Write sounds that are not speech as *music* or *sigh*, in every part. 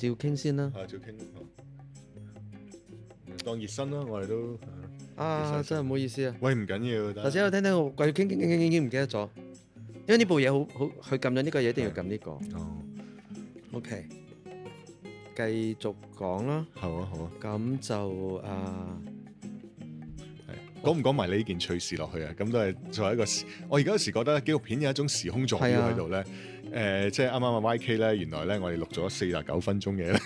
照傾先啦，啊照傾、哦，當熱身啦，我哋都、嗯、熱身真係唔好意思啊。喂，唔緊要緊、啊，頭先我聽聽我繼續傾傾傾唔記得咗，因為呢部嘢好好，佢撳咗呢個嘢，一定要撳呢、呢個。哦，OK，繼續講啦。好啊，好啊。咁就啊。嗯講唔講埋呢件趣事落去啊？咁都係作為一個時，我而家有時覺得紀錄片有一種時空座標喺度咧。誒，即係啱啱啊 YK 咧，原來咧我哋錄咗四十九分鐘嘢咧，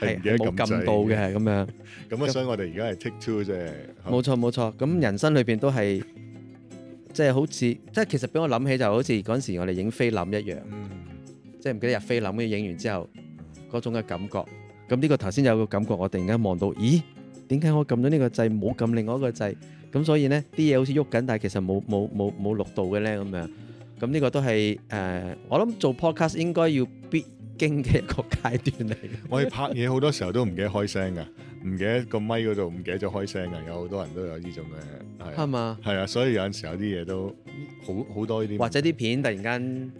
係冇撳到嘅，係咁樣。咁啊，所以我哋而家係 take two 啫。冇錯冇錯，咁人生裏邊都係即係好似，即係其實俾我諗起就好似嗰陣時我哋影菲林一樣，即係唔記得入菲林咁影完之後嗰種嘅感覺。咁呢個頭先有個感覺，我突然間望到，咦？點解我撳咗呢個掣冇撳另外一個掣？咁所以咧，啲嘢好似喐緊，但係其實冇冇冇冇錄到嘅咧，咁樣。咁呢個都係誒，我諗做 podcast 應該要必經嘅一個階段嚟。我哋拍嘢好多時候都唔記得開聲噶，唔記得個咪嗰度，唔記得咗開聲噶，有好多人都有呢種嘅。係嘛、啊？係嗎啊，所以有陣時有啲嘢都好好多呢啲。或者啲片突然間。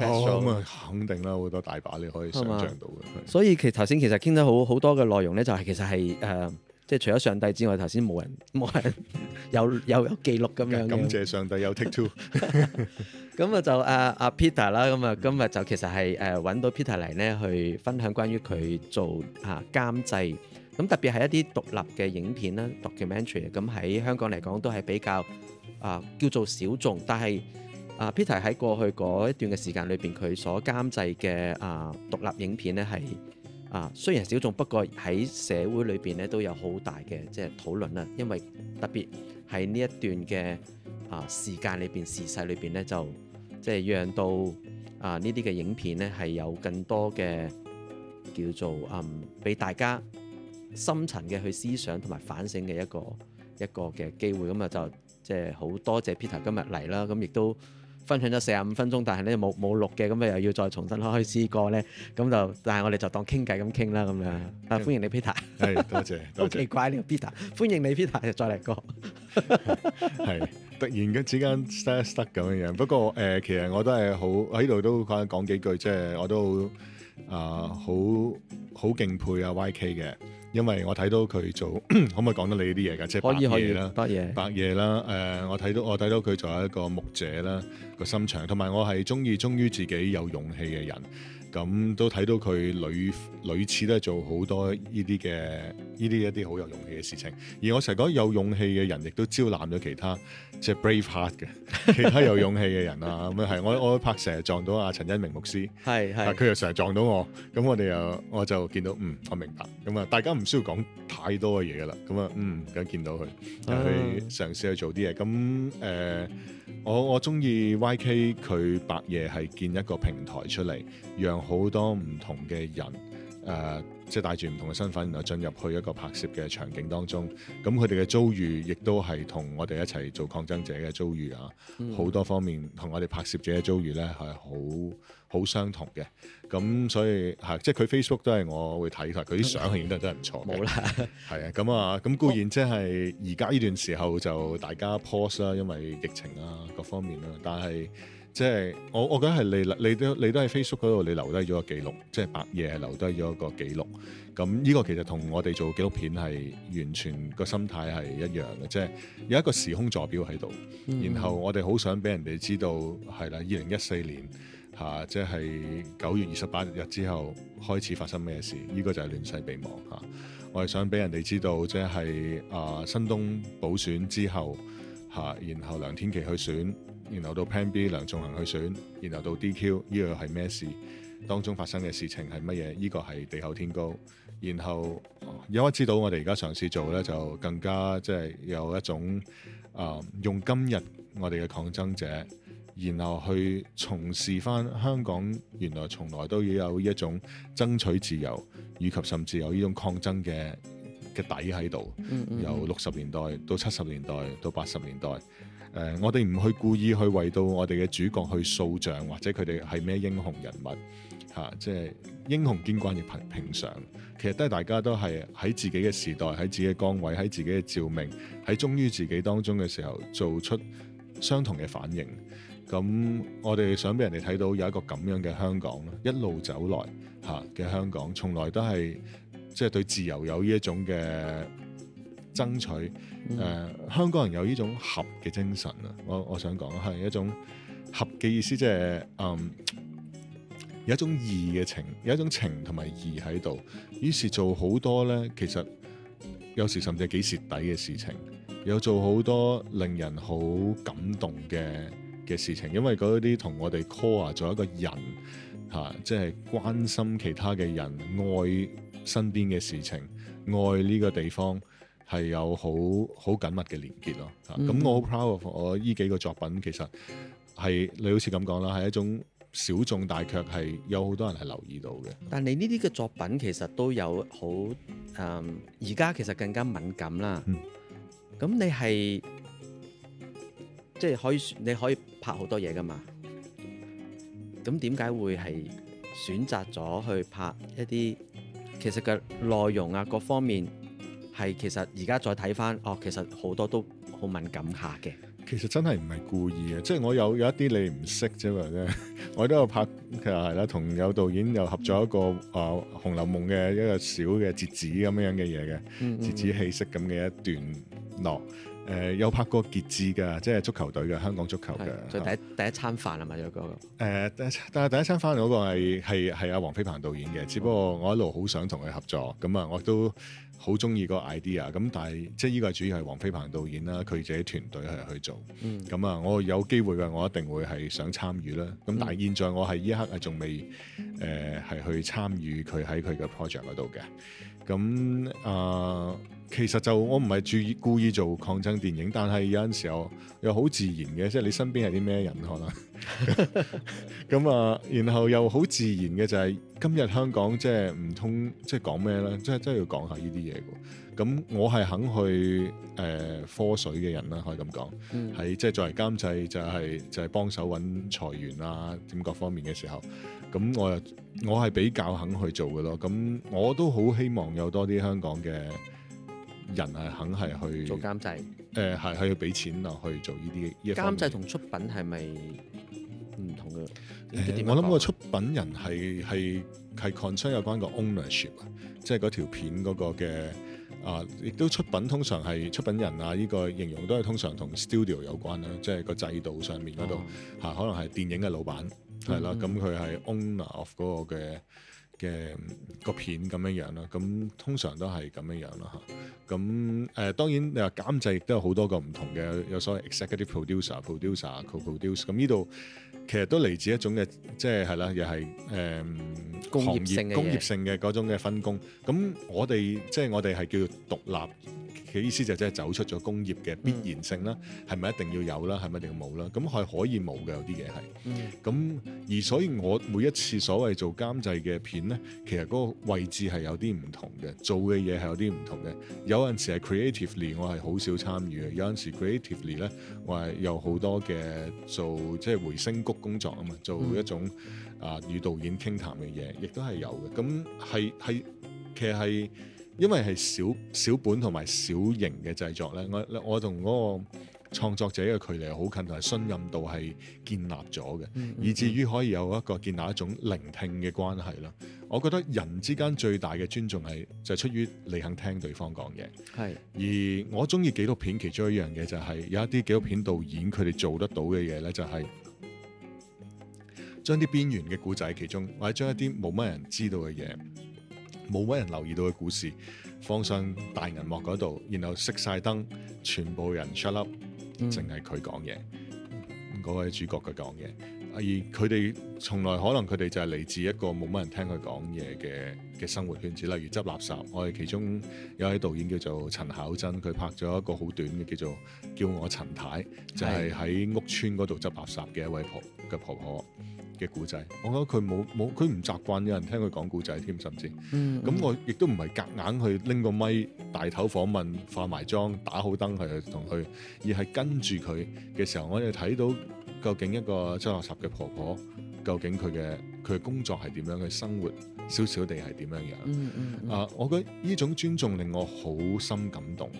哦，咁啊，肯定啦，好多大把你可以想象到嘅。嗎係所以其實頭先其實傾得好好多嘅內容咧，就係、係、其實係誒。呃即係除咗上帝之外，頭先冇人冇人，人有又有，有記錄咁樣。感謝上帝有 take two。咁、嗯、 *laughs* 啊就啊啊 Peter 啦，咁啊今日就其實係誒揾到 Peter 嚟咧，去分享關於佢做啊監製。咁特別係一啲獨立嘅影片啦，documentary。咁喺、嗯、香港嚟講都係比較啊叫做小眾，但係啊 Peter 喺過去嗰一段嘅時間裏邊，佢所監製嘅啊獨立影片咧係。啊，雖然小眾，不過喺社會裏邊咧都有好大嘅即係討論啦。因為特別喺呢一段嘅啊時間裏邊、時勢裏邊咧，就即係讓到啊呢啲嘅影片咧係有更多嘅叫做嗯畀大家深層嘅去思想同埋反省嘅一個一個嘅機會。咁啊就即係好多謝 Peter 今日嚟啦。咁亦都。分享咗四十五分鐘，但係咧冇冇錄嘅，咁咪又要再重新開試過咧？咁就，但係我哋就當傾偈咁傾啦，咁樣。啊，歡迎你 Peter，係、 *laughs* hey，多謝，多謝 *laughs* 好奇怪你、這個、Peter，歡迎你 Peter，又再嚟過。係 *laughs* 突然之間塞塞咁嘅樣，不過誒、呃，其實我都係好喺度都講講幾句，即、就、係、是、我都啊好好敬佩啊 YK 嘅。因為我睇到佢做， *coughs* 可唔可以講到你呢啲嘢㗎？即係可以啦，白夜白嘢夜啦。誒、呃，我睇到我睇到佢做一個牧者啦，個心腸，同埋我係中意忠於自己有勇氣嘅人。咁都睇到佢屢屢次都做好多呢啲嘅呢啲一啲好有勇氣嘅事情。而我成日覺得，有勇氣嘅人，亦都招攬咗其他。即係 brave heart 嘅，其他有勇氣嘅人啊，咁啊，係，我我拍成日撞到阿陳一明牧師，係係，佢、啊、又成日撞到我，咁我哋又我就見到，嗯，我明白，咁啊大家唔需要講太多嘅嘢噶啦，咁啊嗯，咁見到佢去、嗯啊、嘗試去做啲嘢，咁誒、呃、我我中意 YK 佢白夜係建一個平台出嚟，讓好多唔同嘅人誒。呃即係帶住唔同嘅身份然後進入去一個拍攝嘅場景當中，咁佢哋嘅遭遇亦都係同我哋一齊做抗爭者嘅遭遇啊，好、嗯、多方面同我哋拍攝者嘅遭遇咧係好好相同嘅。咁所以係即係佢 Facebook 都係我會睇嘅，佢啲相係影得都係唔錯冇 *laughs* 啦，係啊，咁啊，咁固然即係而家呢段時候就大家 post 啦，因為疫情啊，各方面啦，但係。即係我我覺得係你你都你都喺 Facebook 嗰度，你留低咗個記錄，即係白夜留低咗個記錄。咁呢個其實同我哋做紀錄片係完全個心態係一樣嘅，即係有一個時空座標喺度。嗯、然後我哋好想俾人哋知道係啦，二零一四年嚇，即係九月二十八日之後開始發生咩事。呢個就係亂世備忘。嚇、啊。我係想俾人哋知道，即係啊新東補選之後嚇、啊，然後梁天琦去選。然後到 Pan B 梁仲恒去選，然後到 DQ 呢個係咩事？當中發生嘅事情係乜嘢？呢、這個係地厚天高。然後有我知道，我哋而家嘗試做呢，就更加即係、就是、有一種啊、呃，用今日我哋嘅抗爭者，然後去從事翻香港原來從來都要有一種爭取自由，以及甚至有呢種抗爭嘅嘅底喺度。嗯嗯由六十年代到七十年代到八十年代。誒、呃，我哋唔去故意去為到我哋嘅主角去塑像，或者佢哋係咩英雄人物吓，即、啊、係、就是、英雄見慣亦平平常。其實都係大家都係喺自己嘅時代，喺自己嘅崗位，喺自己嘅照明，喺忠於自己當中嘅時候，做出相同嘅反應。咁我哋想俾人哋睇到有一個咁樣嘅香港，一路走來吓嘅香港，從來都係即係對自由有呢一種嘅。爭取誒、呃，香港人有呢種合嘅精神啊！我我想講係一種合嘅意思，就是，即係嗯有一種義嘅情，有一種情同埋義喺度。於是做好多呢，其實有時甚至係幾蝕底嘅事情，有做好多令人好感動嘅嘅事情，因為嗰啲同我哋 call 做一個人嚇，即、啊、係、就是、關心其他嘅人，愛身邊嘅事情，愛呢個地方。係有好好緊密嘅連結咯，咁、嗯、我好 proud of 我呢幾個作品，其實係你好似咁講啦，係一種小眾但卻係有好多人係留意到嘅。但你呢啲嘅作品其實都有好，誒而家其實更加敏感啦。咁、嗯、你係即係可以，你可以拍好多嘢噶嘛？咁點解會係選擇咗去拍一啲其實嘅內容啊，各方面？係，其實而家再睇翻，哦，其實好多都好敏感下嘅。其實真係唔係故意嘅，即、就、係、是、我有有一啲你唔識啫嘛，即我都有拍，其實係啦，同有導演又合作一個啊、嗯呃《紅樓夢》嘅一個小嘅折子咁樣嘅嘢嘅，折、嗯嗯、子戲息咁嘅一段落。誒、呃，有拍過傑志嘅，即係足球隊嘅，香港足球嘅。就第一第一餐飯係咪有個？誒，但但係第一餐飯嗰個係係係阿黃飛鵬導演嘅，只不過我一路好想同佢合作，咁啊，我都。好中意個 idea 咁，但係即係呢個主要係黃飛鵬導演啦，佢自己團隊係去做。咁啊、嗯，我有機會嘅，我一定會係想參與啦。咁但係現在我係依刻啊，仲未誒係去參與佢喺佢嘅 project 度嘅。咁啊。呃其實就我唔係注意故意做抗爭電影，但係有陣時候又好自然嘅，即係你身邊係啲咩人可能咁 *laughs* *laughs* 啊。然後又好自然嘅就係、是、今日香港即係唔通即係講咩咧？即係真係要講下呢啲嘢嘅。咁我係肯去誒、呃、科水嘅人啦，可以咁講係即係作為監製就係、是、就係、是、幫手揾財源啊，點各方面嘅時候咁我又我係比較肯去做嘅咯。咁我都好希望有多啲香港嘅。人係肯係去做監製，誒係係要俾錢落去做呢啲嘢。監製同出品係咪唔同嘅、呃？我諗個出品人係係係 content 有關個 ownership，即係嗰條片嗰個嘅啊、呃，亦都出品通常係出品人啊呢、呢個形容都係通常同 studio 有關啦，即、就、係、是、個制度上面嗰度嚇，哦、可能係電影嘅老闆係啦，咁佢係 owner of 嗰個嘅嘅個片咁樣樣咯，咁通常都係咁樣樣咯吓，咁誒、呃、當然你話監製亦都有好多個唔同嘅有所謂 executive producer、producer、producer、co-producer。咁呢度其實都嚟自一種嘅即係係啦，又係誒工業性嘅工業性嘅嗰種嘅分工。咁我哋即係我哋係叫做獨立嘅意思就即係走出咗工業嘅必然性啦，係咪、嗯、一定要有啦？係咪一定要冇啦？咁係可以冇嘅，有啲嘢係。咁而所以，我每一次所謂做監製嘅片咧，其實嗰個位置係有啲唔同嘅，做嘅嘢係有啲唔同嘅。有陣時係 creatively，我係好少參與嘅；有陣時 creatively 咧，我係有好多嘅做即係回聲谷工作啊嘛，做一種啊與導演傾談嘅嘢，亦都係有嘅。咁係係其實係。因為係小小本同埋小型嘅製作咧，我我同嗰個創作者嘅距離好近，同埋信任度係建立咗嘅，嗯嗯嗯，以至於可以有一個建立一種聆聽嘅關係咯。我覺得人之間最大嘅尊重係就係、是、出於你肯聽對方講嘢。係是。而我中意紀錄片其中一樣嘢、就是，就係有一啲紀錄片導演佢哋做得到嘅嘢咧，就係將啲邊緣嘅故仔，其中或者將一啲冇乜人知道嘅嘢。冇乜人留意到嘅故事，放上大銀幕嗰度，然後熄晒燈，全部人 shut up，淨係佢講嘢，嗰位主角佢講嘢，而佢哋從來可能佢哋就係嚟自一個冇乜人聽佢講嘢嘅嘅生活圈子，例如執垃圾。我哋其中有位導演叫做陳巧珍，佢拍咗一個好短嘅叫做《叫我陳太》，就係喺屋村嗰度執垃圾嘅一位婆嘅婆婆嘅故仔，我覺得佢冇冇，佢唔習慣有人聽佢講故仔添，甚至咁、嗯嗯、我亦都唔係夾硬去拎個咪，大頭訪問化埋妝打好燈去同佢，而係跟住佢嘅時候，我哋睇到究竟一個七十嘅婆婆，究竟佢嘅佢嘅工作係點樣，佢生活小小地係點樣樣。嗯嗯嗯、啊，我覺得呢種尊重令我好深感動，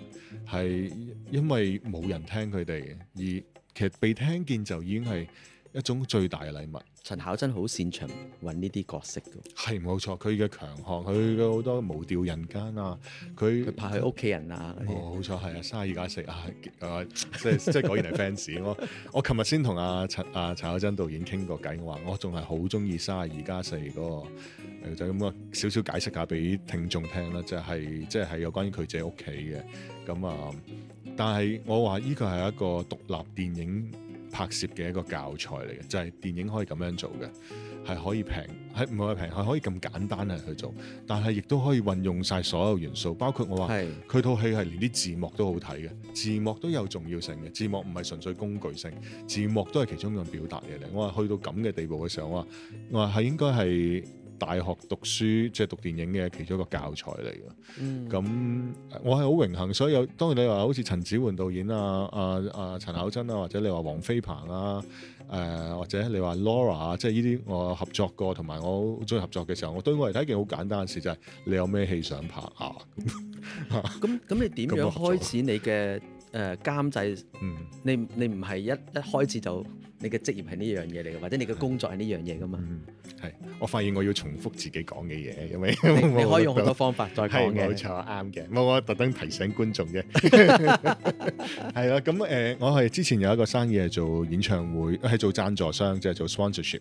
係因為冇人聽佢哋，而其實被聽見就已經係。一種最大嘅禮物。陳巧珍好擅長揾呢啲角色㗎。係冇錯，佢嘅強項，佢嘅好多無調人間啊，佢拍佢屋企人啊。哦，冇錯，係啊，卅二加四啊，誒、 *laughs* 啊，即係即係果然係 fans 我。我琴日先同阿、啊、陳阿、啊、陳巧珍導演傾過偈，我話我仲係好中意卅二加四嗰個，就咁、是、啊，少少解釋下俾聽眾聽啦，就係即係係有關於佢自己屋企嘅。咁啊，但係我話呢個係一個獨立電影。拍攝嘅一個教材嚟嘅，就係、是、電影可以咁樣做嘅，係可以平，係唔係平，係可以咁簡單嚟去做，但係亦都可以運用晒所有元素，包括我話佢套戲係連啲字幕都好睇嘅，字幕都有重要性嘅，字幕唔係純粹工具性，字幕都係其中一種表達嘢嚟。我話去到咁嘅地步嘅時候，我話我話係應該係。大學讀書即係、就是、讀電影嘅其中一個教材嚟嘅，咁、嗯嗯、我係好榮幸，所以有當然你話好似陳梓桓導演啊、啊啊陳巧真啊，或者你話黃飛鵬啊，誒、啊、或者你話 Laura 即、啊、係呢、就、啲、是、我合作過，同埋我好中意合作嘅時候，我對我嚟睇一件好簡單嘅事就係、是、你有咩戲想拍啊？咁 *laughs* 咁你點樣開始你嘅誒監製？嗯，你你唔係一一開始就？你嘅職業係呢樣嘢嚟嘅，或者你嘅工作係呢樣嘢㗎嘛？係，我發現我要重複自己講嘅嘢，因為你，你可以用好多方法再講嘅，冇錯啱嘅。冇我特登提醒觀眾嘅，係啦。 *laughs* *laughs* 咁誒、呃，我係之前有一個生意係做演唱會，係做贊助商，即係做 sponsorship。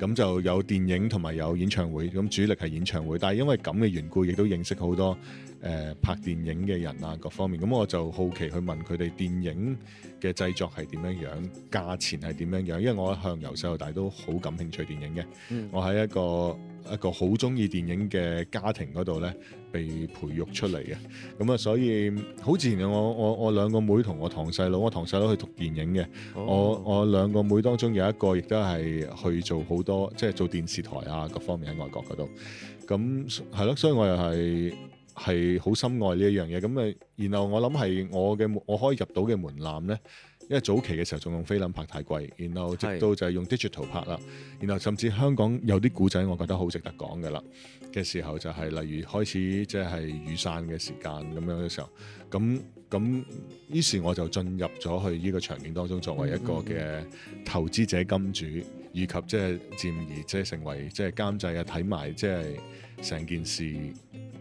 咁就有電影同埋有演唱會，咁主力係演唱會，但係因為咁嘅緣故，亦都認識好多。誒，拍電影嘅人啊，各方面，咁我就好奇去問佢哋電影嘅製作係點樣樣，價錢係點樣樣。因為我一向由細到大都好感興趣電影嘅，嗯、我喺一個一個好中意電影嘅家庭嗰度呢，被培育出嚟嘅。咁啊，所以好自然我我我兩個妹同我堂細佬，我堂細佬去讀電影嘅，哦、我我兩個妹當中有一個亦都係去做好多，即係做電視台啊各方面喺外國嗰度。咁係咯，所以我又係。係好深愛呢一樣嘢，咁誒，然後我諗係我嘅我可以入到嘅門檻呢，因為早期嘅時候仲用菲林拍太貴，然後直到就係用 digital 拍啦，是然後甚至香港有啲古仔，我覺得好值得講㗎喇嘅時候，就係例如開始即係雨傘嘅時間咁樣嘅時候，咁咁於是我就進入咗去呢個場景當中，作為一個嘅投資者金主，嗯、以及即係漸而即係成為即係、就是、監製啊，睇埋即係成件事。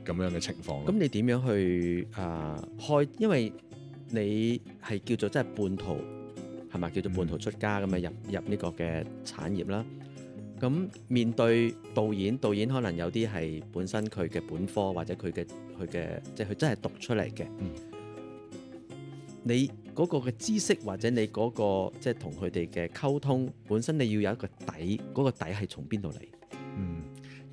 咁樣嘅情況，咁你點樣去啊、呃、開，因為你係叫做真係半途係咪叫做半途出家咁樣、嗯、入入呢個嘅產業啦。咁面對導演，導演可能有啲係本身佢嘅本科或者佢嘅佢嘅，即係佢真係讀出嚟嘅。嗯、你嗰個嘅知識或者你嗰、嗰個即係同佢哋嘅溝通，本身你要有一個底，嗰、嗰個底係從邊度嚟？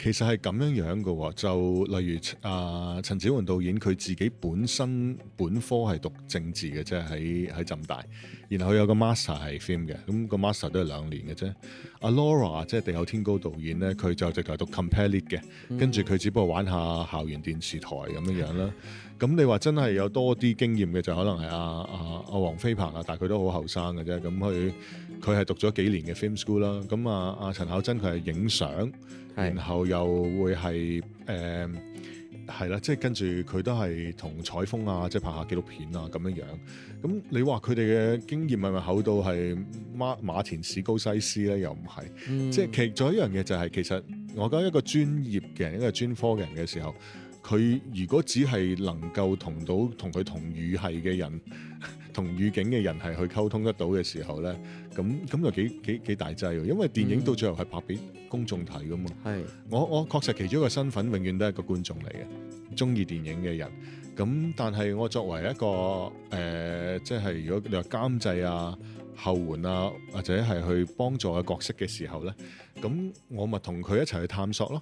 其實係咁樣樣噶，就例如啊，陳子雲導演佢自己本身本科係讀政治嘅，即係喺喺浸大。然後佢有個 master 係 film 嘅，咁個 master 都係兩年嘅啫。阿 Laura 即係地厚天高導演咧，佢就直頭讀 comp lit 嘅，跟住佢只不過玩下校園電視台咁樣樣啦。咁你話真係有多啲經驗嘅就可能係阿阿阿黃飛鵬啦，但係佢都好後生嘅啫。咁佢佢係讀咗幾年嘅 film school 啦。咁啊啊陳巧真佢係影相。然後又會係誒係啦，即係跟住佢都係同採風啊，即係拍下紀錄片啊咁樣樣。咁你話佢哋嘅經驗係咪厚到係馬馬田史高西斯咧？又唔係。嗯、即係其中一樣嘢就係、是，其實我覺得一個專業嘅人，一個專科嘅人嘅時候。佢如果只係能夠同到同佢同語系嘅人，同語境嘅人係去溝通得到嘅時候呢，咁咁又幾幾、幾大劑喎？因為電影到最後係拍俾公眾睇噶嘛。係、嗯、我我確實其中一個身份永遠都係一個觀眾嚟嘅，中意電影嘅人。咁但係我作為一個誒、呃，即係如果你話監製啊、後援啊，或者係去幫助嘅角色嘅時候呢，咁我咪同佢一齊去探索咯。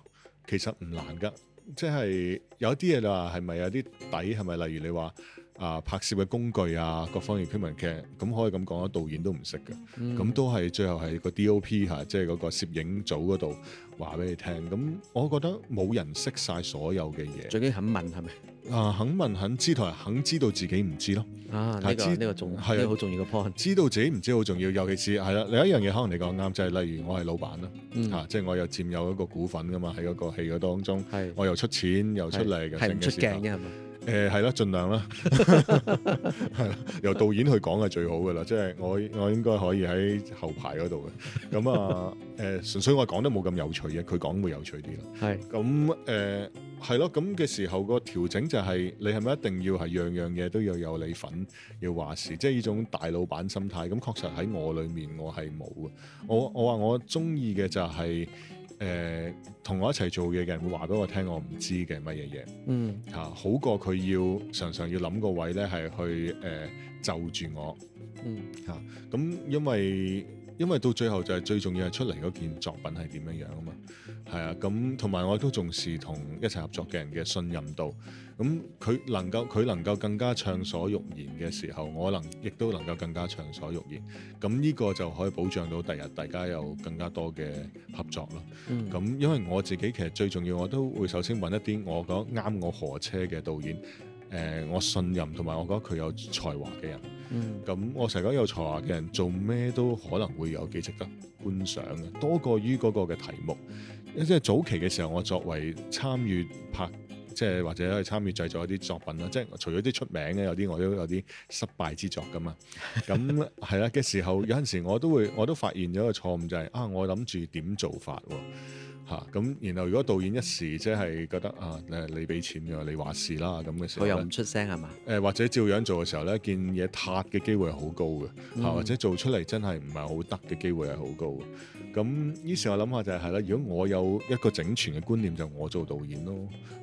其實唔難噶。即係有啲嘢你話係咪有啲底係咪？是是例如你話。啊！拍攝嘅工具啊，各方面嘅問劇，咁可以咁講，導演都唔識嘅，咁都係最後係個 DOP 嚇，即係嗰個攝影組嗰度話俾你聽。咁我覺得冇人識晒所有嘅嘢。最緊肯問係咪？啊，肯問肯知同埋肯知道自己唔知咯。啊，呢個呢個重係好重要嘅 point。知道自己唔知好重要，尤其是係啦，另一樣嘢可能你講啱，就係例如我係老闆啦，嚇，即係我又佔有一個股份噶嘛，喺嗰個戲當中，我又出錢又出嚟嘅。係出鏡嘅係咪？誒係咯，盡量啦。係 *laughs* 由導演去講係最好噶啦，即係我我應該可以喺後排嗰度嘅。咁啊誒，純粹我講得冇咁有趣嘅，佢講會有趣啲咯。係咁誒，係咯。咁嘅時候個調整就係你係咪一定要係樣樣嘢都要有你份要話事，即係呢種大老闆心態。咁確實喺我裡面我係冇嘅。我我話我中意嘅就係。誒同、呃、我一齊做嘢嘅人會話俾我聽，我唔知嘅乜嘢嘢嚇好過佢要常常要諗個位咧，係去誒、呃、就住我嚇咁，嗯啊、因為因為到最後就係最重要係出嚟嗰件作品係點樣樣啊嘛。係啊，咁同埋我都重視同一齊合作嘅人嘅信任度。咁佢能夠佢能夠更加暢所欲言嘅時候，我能亦都能夠更加暢所欲言。咁呢個就可以保障到第日大家有更加多嘅合作咯。咁、嗯、因為我自己其實最重要，我都會首先揾一啲我覺得啱我何車嘅導演。誒、呃，我信任同埋我覺得佢有才華嘅人，咁、嗯、我成日講有才華嘅人做咩都可能會有幾值得觀賞嘅，多過於嗰個嘅題目。即係早期嘅時候，我作為參與拍，即係或者係參與製作一啲作品啦。即係除咗啲出名嘅，有啲我都有啲失敗之作㗎嘛。咁係啦嘅時候，有陣時我都會，我都發現咗一個錯誤就係、是、啊，我諗住點做法喎。嚇咁，然後如果導演一時即係覺得啊，誒你俾錢嘅，你話事啦咁嘅時候，佢又唔出聲係嘛？誒、呃、或者照樣做嘅時候咧，件嘢塌嘅機會係好高嘅嚇，嗯、或者做出嚟真係唔係好得嘅機會係好高嘅。咁於是，我諗下就係、是、啦。如果我有一個整全嘅觀念，就我做導演咯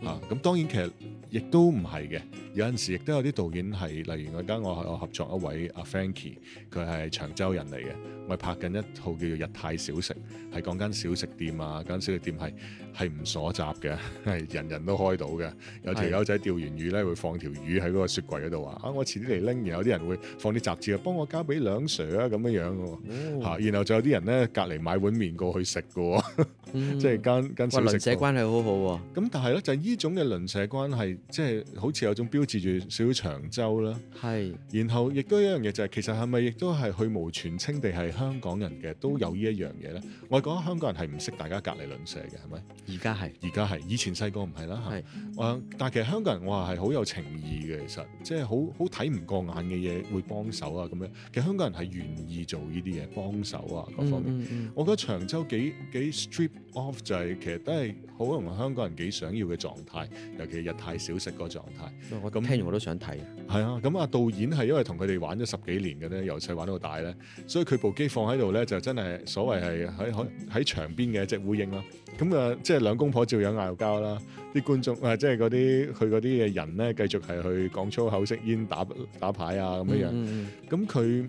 吓咁、嗯啊、當然其實亦都唔係嘅。有陣時亦都有啲導演係例如嗰間我我合作一位阿、啊、Frankie，佢係長洲人嚟嘅。我拍緊一套叫做《日泰小食》，係講間小食店啊，間小食店係係唔鎖閘嘅，係 *laughs* 人人都開到嘅。有條友仔釣完魚咧，會放條魚喺個雪櫃嗰度啊。啊，我遲啲嚟拎。然後有啲人會放啲雜誌啊，幫我交俾兩 sir 啊咁樣樣嘅吓，然後就有啲人咧隔籬買碗麵過去食嘅。 *noise* 嗯、即係跟跟小鄰舍、呃、關係好好、啊、喎。咁但係咧，就係、是、呢種嘅鄰舍關係，即、就、係、是、好似有種標誌住少少長洲啦。係是。然後亦都一樣嘢就係、是，其實係咪亦都係去無全稱地係香港人嘅都有呢一樣嘢咧？嗯、我哋講香港人係唔識大家隔離鄰舍嘅，係咪？而家係。而家係。以前細個唔係啦。係是、嗯。但係其實香港人哇係好有情義嘅，其實即係好好睇唔過眼嘅嘢會幫手啊咁樣。其實香港人係願意做呢啲嘢幫手啊各方面。我覺得長洲幾幾 strip。嗯嗯 off 就係其實都係好容香港人幾想要嘅狀態，尤其係日泰小食個狀態。我咁聽完我都想睇。係啊，咁啊，導演係因為同佢哋玩咗十幾年嘅咧，由細玩到大咧，所以佢部機放喺度咧，就真係所謂係喺喺喺牆邊嘅一隻烏蠅啦。咁啊，即係兩公婆照樣嗌交啦，啲觀眾啊，即係嗰啲佢嗰啲嘅人咧，繼續係去講粗口、食煙、打打牌啊咁樣樣。咁佢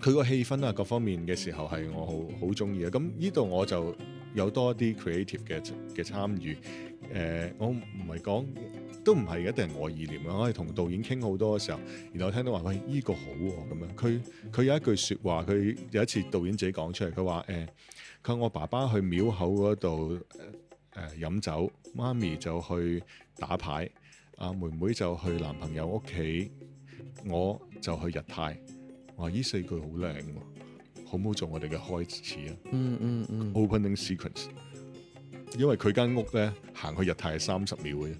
佢個氣氛啊，各方面嘅時候係我好好中意啊。咁呢度我就。有多啲 creative 嘅嘅參與，誒、呃，我唔係講都唔係一定係我意念。我係同導演傾好多嘅時候，然後聽到話喂依、呢個好咁、啊、樣，佢佢有一句説話，佢有一次導演自己講出嚟，佢話誒，佢、呃，我爸爸去廟口嗰度誒飲酒，媽咪就去打牌，阿、啊、妹妹就去男朋友屋企，我就去日泰，話呢四句好靚喎。好唔好做我哋嘅開始啊？嗯嗯、mm, mm, mm. Opening sequence，因為佢間屋咧行去日泰係三十秒嘅，啫。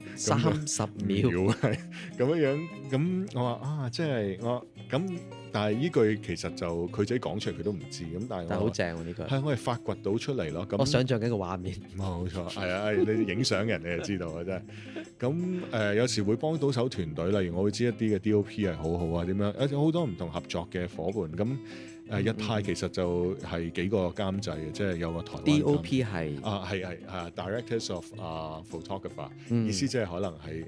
*laughs* 三十秒係咁樣樣。咁我話啊，即係我咁，但係依句其實就佢自己講出嚟佢都唔知咁，但係我但係好正呢句係我係發掘到出嚟咯。咁我想像緊個畫面，冇 *laughs* 錯係啊，啊！你影相人你就知道啊！真係咁誒，有時會幫到手團隊，例如我會知一啲嘅 DOP 係好好啊點樣，有好多唔同合作嘅伙伴咁。誒、嗯嗯嗯、一派其實就係幾個監製嘅，即係有個台 D.O.P 係、hmm. 啊，係係係 director of 啊 photographer，意思即係可能係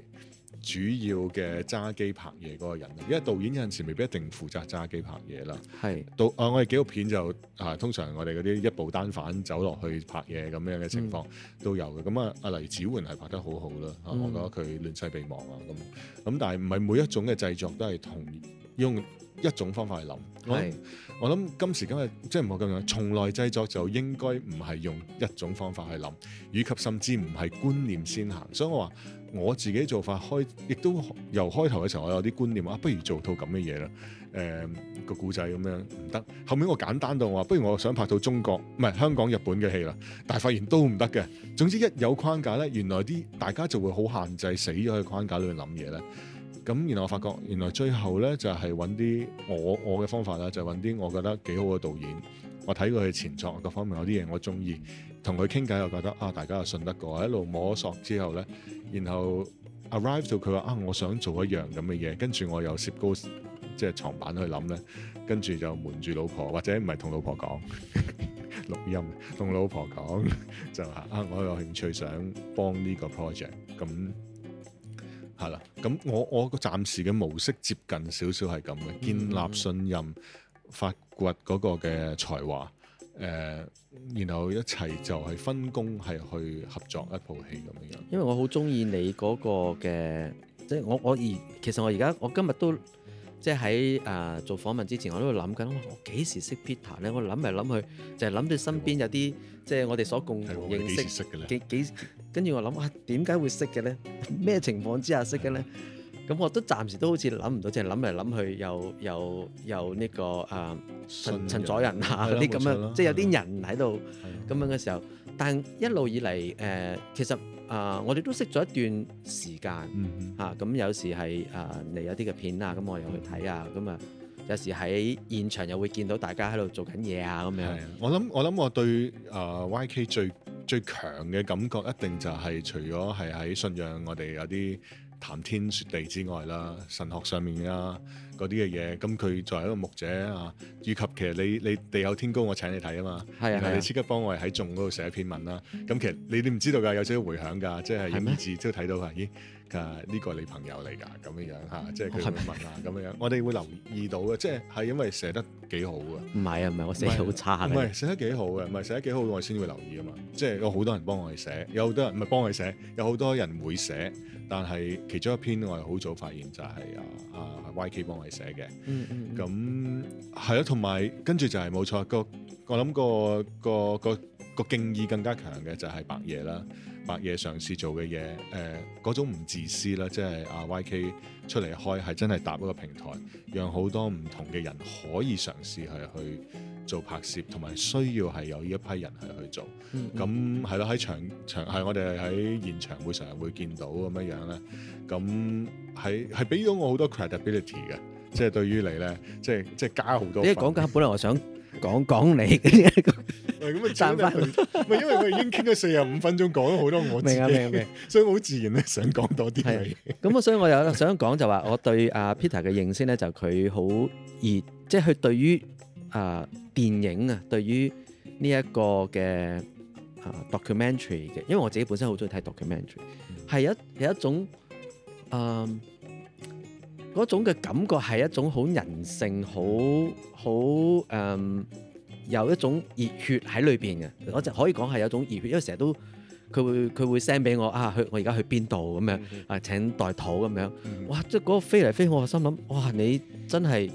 主要嘅揸機拍嘢嗰個人。因為導演有陣時未必一定負責揸機拍嘢啦。係導啊，我哋紀錄片就啊，通常我哋嗰啲一部單反走落去拍嘢咁樣嘅情況都有嘅。咁啊啊，黎子桓係拍得好好啦，hmm. 我覺得佢亂世備忘啊咁。咁但係唔係每一種嘅製作都係同用。用一種方法去諗，是我我諗今時今日即係唔係咁樣，從來製作就應該唔係用一種方法去諗，以及甚至唔係觀念先行。所以我話我自己做法開，亦都由開頭嘅時候我有啲觀念啊，不如做套咁嘅嘢啦，誒個古仔咁樣唔得。後面我簡單到話，不如我想拍到中國，唔係香港、日本嘅戲啦，但係發現都唔得嘅。總之一有框架咧，原來啲大家就會好限制死咗喺框架裏面諗嘢咧。咁然後我發覺原來最後咧就係揾啲我我嘅方法啦，就揾啲我覺得幾好嘅導演，我睇過佢前作各方面有啲嘢我中意，同佢傾偈又覺得啊大家又信得過，一路摸索之後咧，然後 arrive 到佢話啊我想做一樣咁嘅嘢，跟住我又攝高即係床板去諗咧，跟住就瞞住老婆或者唔係同老婆講錄音，同老婆講就話啊我有興趣想幫呢個 project 咁。係啦，咁我我個暫時嘅模式接近少少係咁嘅，建立信任，發掘嗰個嘅才華，誒、呃，然後一齊就係分工係去合作一套戲咁樣。因為我好中意你嗰個嘅，即係我我而其實我而家我今日都即係喺誒做訪問之前，我都諗緊，我幾時識 Peter 咧？我諗嚟諗去就係諗到身邊有啲即係我哋所共同認識。幾幾？幾跟住我諗啊，點解會識嘅咧？咩情況之下識嘅咧？咁、嗯、我都暫時都好似諗唔到，即係諗嚟諗去有有有呢、那個啊陳陳佐人啊嗰啲咁樣，即係有啲人喺度咁樣嘅時候。但係一路以嚟誒、呃，其實啊、呃，我哋都識咗一段時間嚇。咁、啊、有時係啊嚟有啲嘅片啊，咁我又去睇啊。咁啊有時喺現場又會見到大家喺度做緊嘢啊咁樣。我諗我諗我對啊 YK 最最強嘅感覺一定就係除咗係喺信仰我哋有啲談天說地之外啦，神學上面啦嗰啲嘅嘢，咁佢作為一個牧者啊，以及其實你你，你地有天高，我請你睇啊嘛，係啊，你即刻幫我喺眾嗰度寫一篇文啦，咁其實你哋唔知道㗎，有少少迴響㗎，即係文字都睇到佢。咦嗎？欸呢個係你朋友嚟㗎，咁樣樣嚇，即係佢會問啊，咁嗎樣樣我哋會留意到嘅，即係係因為寫得幾好啊！唔係啊，唔係我寫得好差嚇，唔係寫得幾好嘅，唔係寫得幾好我先會留意啊嘛，即係有好多人幫我哋寫，有好多人唔係幫佢寫，有好多人會寫，但係其中一篇我係好早發現就係啊啊 YK 幫我哋寫嘅，嗯咁係啊，同埋跟住就係、係、冇錯、個，我、那、諗個、個、個、個敬意更加強嘅就係白夜啦。白夜嘗試做嘅嘢，誒、呃、嗰種唔自私啦，即係阿 YK 出嚟開係真係搭嗰個平台，讓好多唔同嘅人可以嘗試去去做拍攝，同埋需要係有呢一批人係去做。咁係咯，喺場場係我哋係喺現場會成日會見到咁樣樣咧。咁係係俾咗我好多 credibility 嘅，即係對於你咧，即係即係加好多。你講緊，本來我想。講講你，係咁咪讚翻佢。唔係因為佢已經傾咗四十五分鐘，講咗好多我自己嘅，所以我好自然咧，想講多啲。咁啊，所以我又想講就話、是，我對阿 Peter 嘅認識咧，就佢好熱，即係佢對於啊、呃、電影啊，對於呢一個嘅啊、呃、documentary 嘅，因為我自己本身好中意睇 documentary，係有係一種嗯。呃嗰種嘅感覺係一種好人性，好好誒，有一種熱血喺裏邊嘅。嗯、我就可以講係有一種熱血，因為成日都佢會佢會 send 俾我啊，去我而家去邊度咁樣啊？請代土咁樣。嗯、哇！即係嗰個飛嚟飛，我心諗哇，你真係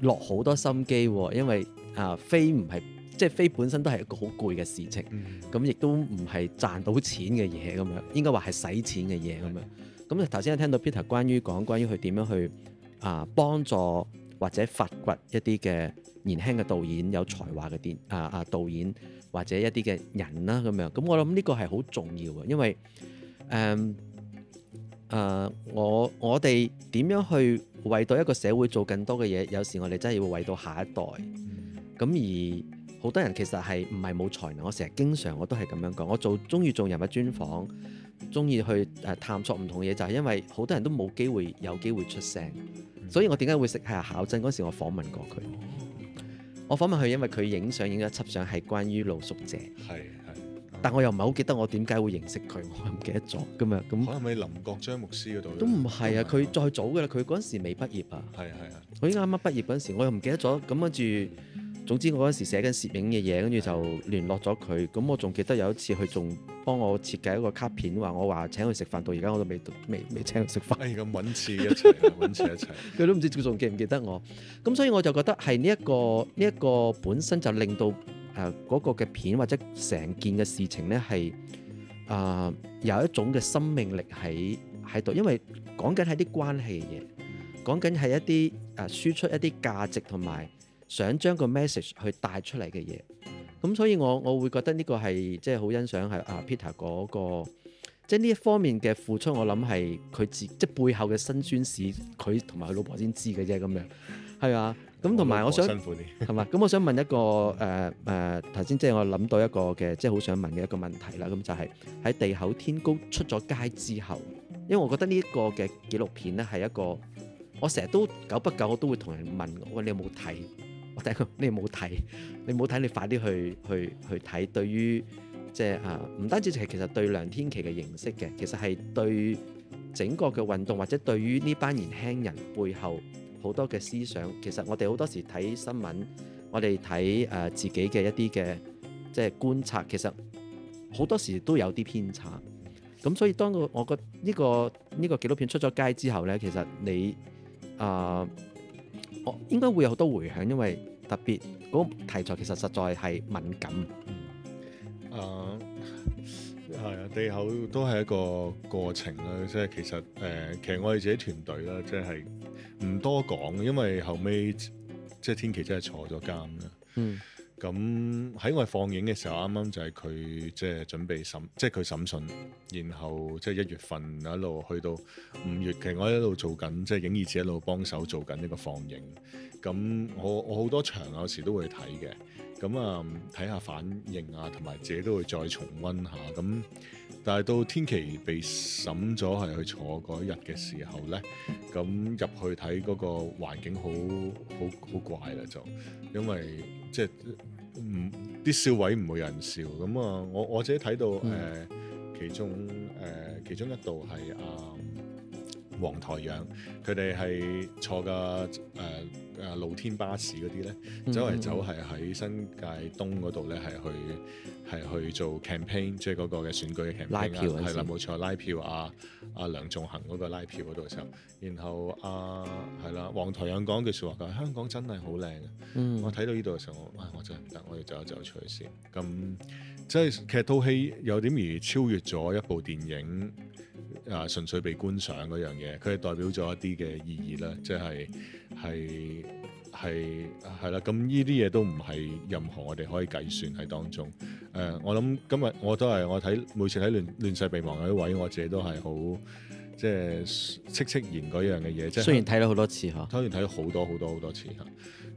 落好多心機喎。因為啊，飛唔係即係飛本身都係一個好攰嘅事情，咁亦都唔係賺到錢嘅嘢咁樣，應該話係使錢嘅嘢咁樣。嗯。咁啊，頭先聽到 Peter 關於講關於佢點樣去啊，幫、呃、助或者發掘一啲嘅年輕嘅導演有才華嘅電啊啊導演或者一啲嘅人啦咁樣，咁我諗呢個係好重要嘅，因為誒誒、呃呃、我我哋點樣去為到一個社會做更多嘅嘢，有時我哋真係要為到下一代，咁、嗯、而。好多人其實係唔係冇才能，我成日經常我都係咁樣講。我做鍾意做人物專訪，鍾意去誒探索唔同嘢，就係、是、因為好多人都冇機會有機會出聲，所以我點解會識係考真嗰時我訪問過佢。我訪問佢，因為佢影相影咗一輯相係關於露宿者。係但我又唔係好記得我點解會認識佢，我唔記得咗咁啊咁。可能係林國張牧師嗰度。都唔係啊！佢、嗯、再早嘅啦，佢嗰陣時未畢業啊。係係我應該啱啱畢業嗰陣時，我又唔記得咗咁跟住。總之我嗰陣時寫緊攝影嘅嘢，跟住就聯絡咗佢。咁我仲記得有一次佢仲幫我設計一個卡片，話我話請佢食飯，到而家我都未未未請佢食飯，而家揾次一齊，揾次一齊。佢都唔知仲記唔記得我。咁所以我就覺得係呢一個呢一個本身就令到誒嗰個嘅片或者成件嘅事情呢，係啊有一種嘅生命力喺喺度，因為講緊係啲關係嘅嘢，講緊係一啲誒輸出一啲價值同埋。想將個 message 去帶出嚟嘅嘢，咁所以我我會覺得呢個係即係好欣賞係啊 Peter 嗰個即係呢一方面嘅付出我。我諗係佢自即係背後嘅辛酸史，佢同埋佢老婆先知嘅啫。咁樣係啊，咁同埋我想係咪咁？我， *laughs* 我想問一個誒誒頭先，即、呃、係、呃、我諗到一個嘅即係好想問嘅一個問題啦。咁就係喺地厚天高出咗街之後，因為我覺得呢一個嘅紀錄片咧係一個我成日都久不久我都會同人問我，你有冇睇？你冇睇，你冇睇，你快啲去去去睇。對於即係啊，唔單止係其實對梁天琦嘅認識嘅，其實係對整個嘅運動，或者對於呢班年輕人背後好多嘅思想。其實我哋好多時睇新聞，我哋睇誒自己嘅一啲嘅即係觀察，其實好多時都有啲偏差。咁所以當我我覺得呢個呢個紀錄片出咗街之後呢，其實你啊～，呃我應該會有好多迴響，因為特別嗰、那個題材其實實在係敏感。嗯，誒係啊，地口都係一個過程啦，即係其實誒、呃，其實我哋自己團隊啦，即係唔多講，因為後尾，即係天琪真係坐咗監啦。嗯。咁喺我放映嘅時候，啱啱就係佢即係準備審，即係佢審訊，然後即係一月份一路去到五月。其實我一路做緊，即係影意志一路幫手做緊呢個放映。咁我我好多場有時都會睇嘅，咁啊睇下反應啊，同埋自己都會再重溫下。咁但係到天琪被審咗係去坐嗰一日嘅時候咧，咁入去睇嗰個環境好好好怪啦，就因為即係唔啲笑位唔會有人笑。咁啊，我我自己睇到誒、嗯呃、其中誒、呃、其中一度係啊。呃黃台仰，佢哋係坐個誒誒露天巴士嗰啲咧，嗯、走嚟走係喺新界東嗰度咧，係去係去做 campaign，即係嗰個嘅選舉嘅 campaign 啦，係啦冇錯，拉票啊阿、啊、梁頌恆嗰個拉票嗰度嘅時候，然後啊係啦，黃台仰講句説話，佢話香港真係好靚嘅，嗯、我睇到呢度嘅時候，我、哎、我真係唔得，我哋走一走出去先咁。即係劇套戲有點兒超越咗一部電影啊，純粹被觀賞嗰樣嘢，佢係代表咗一啲嘅意義啦。即係係係係啦，咁呢啲嘢都唔係任何我哋可以計算喺當中。誒、呃，我諗今日我都係我睇每次睇《亂亂世迷亡》嗰啲位，我自己都係好即係戚戚然嗰樣嘅嘢。即雖然睇咗好多次嚇，啊、雖然睇咗好多好多好多次嚇。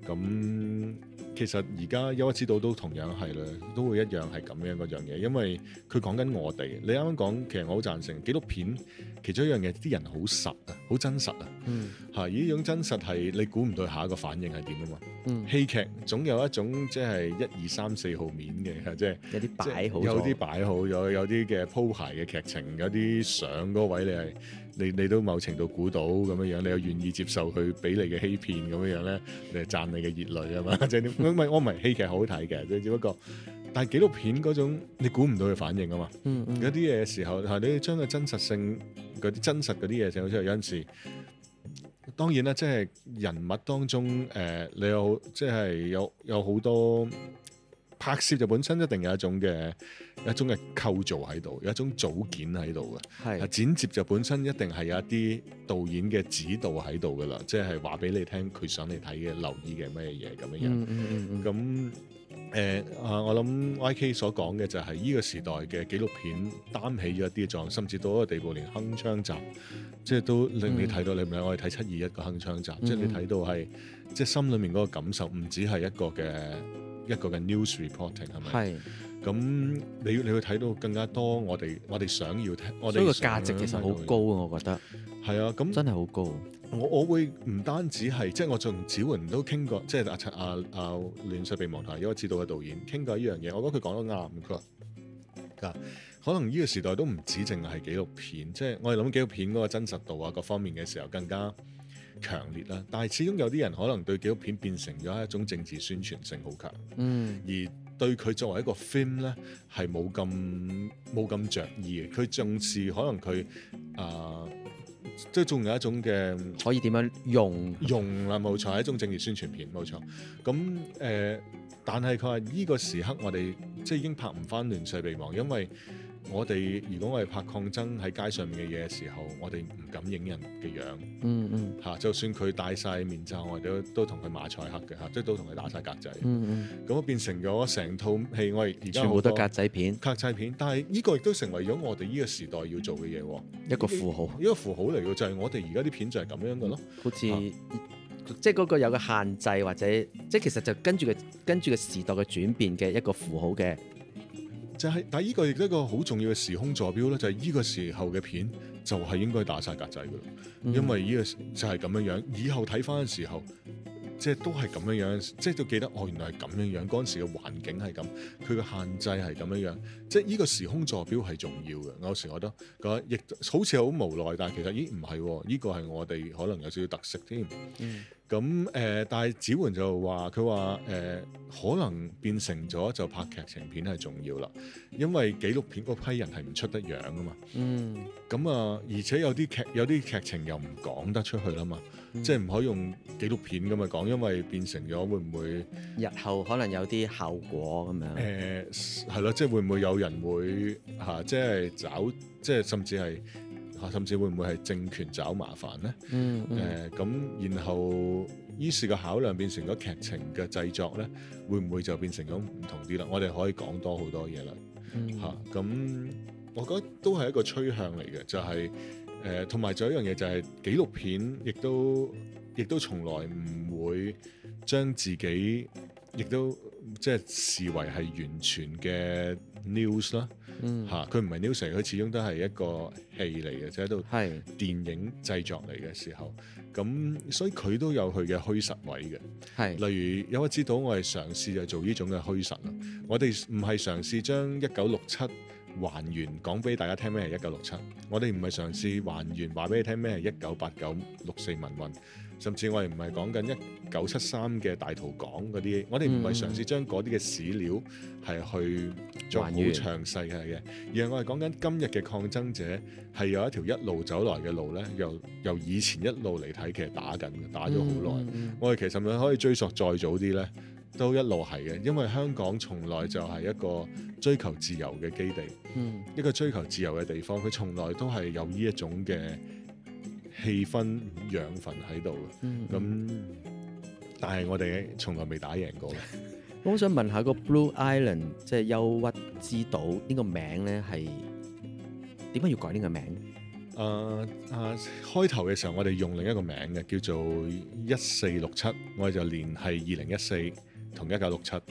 咁其實而家有一次道都同樣係啦，都會一樣係咁樣嗰樣嘢，因為佢講緊我哋。你啱啱講，其實我好贊成紀錄片。其中一樣嘢，啲人好實啊，好真實啊，嗯、而呢種真實係你估唔到下一個反應係點啊嘛。嗯、戲劇總有一種即係一二三四號面嘅，即、就、係、是、有啲擺好，有擺好，有啲擺好，有有啲嘅鋪排嘅劇情，有啲相嗰位你係你你都某程度估到咁樣樣，你又願意接受佢俾你嘅欺騙咁樣樣咧，你係讚你嘅熱淚啊嘛？即係點？唔係、嗯、我唔係戲劇好睇嘅，即係只不過但係紀錄片嗰種你估唔到佢反應啊嘛。有啲嘢時候嚇你要將個真實性。嗰啲真實嗰啲嘢就好似有陣時當然啦，即係人物當中誒、呃，你有即係有有好多拍攝就本身一定有一種嘅一種嘅構造喺度，有一種組件喺度嘅。係是剪接就本身一定係有一啲導演嘅指導喺度噶啦，即係話俾你聽，佢想你睇嘅、留意嘅咩嘢咁樣樣。咁、嗯嗯嗯嗯。誒啊、呃！我諗 IK 所講嘅就係依個時代嘅紀錄片擔起咗一啲作用，甚至到一個地步，連鏗鏘集即係都令你睇到，你唔你我哋睇七二一個鏗鏘集，即係你睇到係即係心裏面嗰個感受，唔止係一個嘅一個嘅 news reporting 係咪？係咁是，你你會睇到更加多我哋我哋想要聽，我哋所以個價值其實好高啊！我覺得係啊，咁真係好高。我我會唔單止係，即係我仲同子雲都傾過，即係阿陳阿阿亂世備忘同阿有個指導嘅導演傾過一樣嘢，我覺得佢講得啱㗎。啊，可能呢個時代都唔止淨係紀錄片，即係我哋諗紀錄片嗰個真實度啊各方面嘅時候更加強烈啦。但係始終有啲人可能對紀錄片變成咗一種政治宣傳性好強，嗯，而對佢作為一個 film 咧係冇咁冇咁著意嘅，佢重視可能佢啊。呃即係仲有一種嘅，可以點樣用？用啦冇錯係一種正義宣傳片冇錯，咁誒、呃，但係佢話呢個時刻我哋即係已經拍唔翻亂世備忘，因為。我哋如果我哋拍抗爭喺街上面嘅嘢嘅時候，我哋唔敢影人嘅樣嗯，嗯嗯，嚇、啊，就算佢戴晒面罩，我哋都同佢馬賽克嘅嚇，即、啊、係都同佢打晒格仔、嗯，嗯嗯，咁啊變成咗成套戲，我哋係全部都格仔片，格仔片，但係呢個亦都成為咗我哋呢個時代要做嘅嘢，一個符號，呢個符號嚟嘅，就係、是、我哋而家啲片就係咁樣嘅咯、嗯，好似、啊、即係嗰個有個限制或者即係其實就跟住個跟住個時代嘅轉變嘅一個符號嘅。就係，但係呢個亦都一個好重要嘅時空座標咧，就係、是、呢個時候嘅片就係應該打晒格仔嘅，因為呢個就係咁樣樣。以後睇翻嘅時候，即係都係咁樣樣，即係都記得哦，原來係咁樣樣。嗰陣時嘅環境係咁，佢嘅限制係咁樣樣，即係呢個時空座標係重要嘅。我有時我覺得，亦好似好無奈，但係其實咦唔係，呢、哦呢個係我哋可能有少少特色添。嗯咁誒、呃，但係子媛就話：佢話誒，可能變成咗就拍劇情片係重要啦，因為紀錄片嗰批人係唔出得樣啊嘛。嗯。咁啊，而且有啲劇有啲劇情又唔講得出去啦嘛，嗯、即係唔可以用紀錄片咁嚟講，因為變成咗會唔會？日後可能有啲效果咁樣。誒、呃，係咯，即係會唔會有人會嚇、啊？即係找，即係甚至係。甚至會唔會係政權找麻煩咧？誒咁、嗯嗯呃，然後於是個考量變成咗劇情嘅製作咧，會唔會就變成咁唔同啲啦？我哋可以講多好多嘢啦！嚇咁、嗯啊，我覺得都係一個趨向嚟嘅，就係、是、誒，同埋仲有一樣嘢就係紀錄片亦都亦都從來唔會將自己亦都即係視為係完全嘅 news 啦。嗯，嚇，佢唔係 newsie，佢始終都係一個戲嚟嘅，就喺度電影製作嚟嘅時候，咁是的 所以佢都有佢嘅虛實位嘅。係，是的 例如有位知道我係嘗試就做呢種嘅虛實啦。我哋唔係嘗試將一九六七還原講俾大家聽咩係一九六七，我哋唔係嘗試還原話俾你聽咩係一九八九六四民運。甚至我哋唔係講緊一九七三嘅大逃港嗰啲，我哋唔係嘗試將嗰啲嘅史料係去做好詳細嘅嘅，還原。而係我哋講緊今日嘅抗爭者係有一條一路走來嘅路咧，由由以前一路嚟睇，其實打緊嘅，打咗好耐。嗯、我哋其實咁可以追溯再早啲咧，都一路係嘅，因為香港從來就係一個追求自由嘅基地，嗯、一個追求自由嘅地方，佢從來都係有呢一種嘅。氣氛養分喺度嘅，咁、嗯嗯、但係我哋從來未打贏過嘅。我想問下個 Blue Island，即係憂鬱之島呢、呢個名咧，係點解要改呢個名？誒誒、呃呃，開頭嘅時候我哋用另一個名嘅，叫做一四六七，我哋就連係二零一四。同一九六七，咁、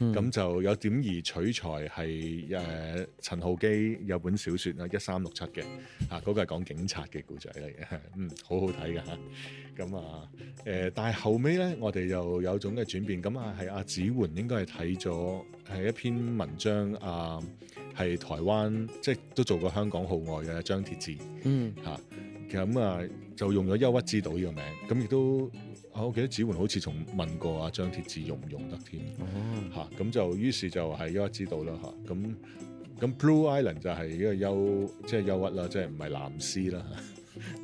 嗯、就有點而取材係誒、呃、陳浩基有本小說啊，一三六七嘅，啊嗰個係講警察嘅故仔嚟嘅，嗯，好好睇㗎嚇，咁啊誒、呃，但係後尾咧，我哋又有種嘅轉變，咁啊係阿、啊、子桓應該係睇咗係一篇文章啊，係台灣即係都做過香港號外嘅張鐵志，嗯嚇，咁啊就用咗憂鬱之島呢、這個名，咁亦都。我、哦、記得子桓好似仲問過阿、啊、張鐵志用唔用得添，嚇咁、哦啊、就於是就係憂鬱之島啦嚇，咁、啊、咁 Blue Island 就係一個憂，即係憂鬱啦，即係唔係藍絲啦，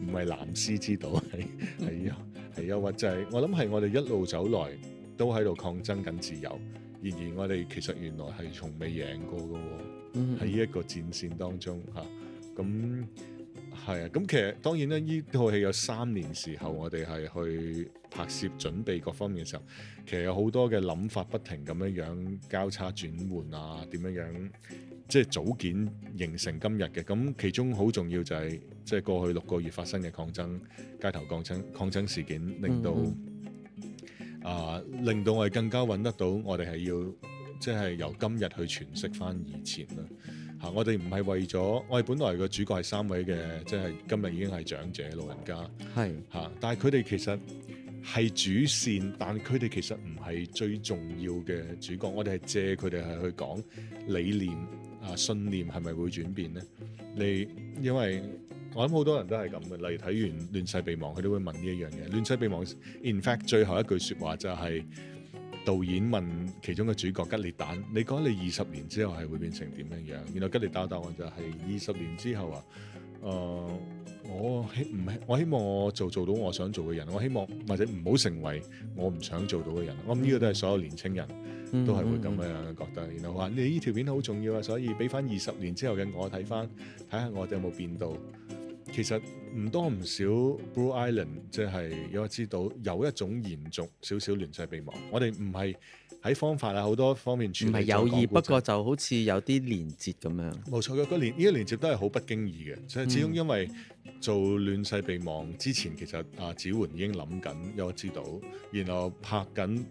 唔係藍絲之島係係、嗯、憂係憂鬱，就係、是、我諗係我哋一路走來都喺度抗爭緊自由，然而，而我哋其實原來係從未贏過嘅喎，喺呢、嗯、一個戰線當中嚇咁。啊係啊，咁其實當然咧，呢套戲有三年時候，我哋係去拍攝準備各方面嘅時候，其實有好多嘅諗法不停咁樣樣交叉轉換啊，點樣樣即係組件形成今日嘅。咁其中好重要就係即係過去六個月發生嘅抗爭、街頭抗爭、抗爭事件，令到、嗯、哼啊，令到我哋更加揾得到我，我哋係要即係由今日去詮釋翻以前啦。我哋唔係為咗，我哋本來個主角係三位嘅，即係今日已經係長者老人家，係嚇是。但係佢哋其實係主線，但佢哋其實唔係最重要嘅主角。我哋係借佢哋係去講理念啊、信念係咪會轉變咧？你因為我諗好多人都係咁嘅，例如睇完《亂世備忘》，佢都會問呢一樣嘢。《亂世備忘》In fact 最後一句説話就係、是。導演問其中嘅主角吉列丹，你講你二十年之後係會變成點樣樣？然後吉列丹答案就係：二十年之後啊，誒、呃，我希唔希我希望我做做到我想做嘅人，我希望或者唔好成為我唔想做到嘅人。我諗呢個都係所有年青人都係會咁樣樣覺得。嗯嗯，然後話你呢條片好重要啊，所以俾翻二十年之後嘅我睇翻，睇下我哋有冇變到。其實唔多唔少 Blue Island 即係憂鬱之島，有一種延續少少亂世備忘。我哋唔係喺方法啊，好多方面處理就講故仔。唔係有意，不過就好似有啲連接咁樣。冇錯嘅，呢個連呢、呢個連接都係好不經意嘅。所、就、以、是、始終因為做亂世備忘、嗯、之前，其實阿、啊、梓桓已經諗緊憂鬱之島，然後拍緊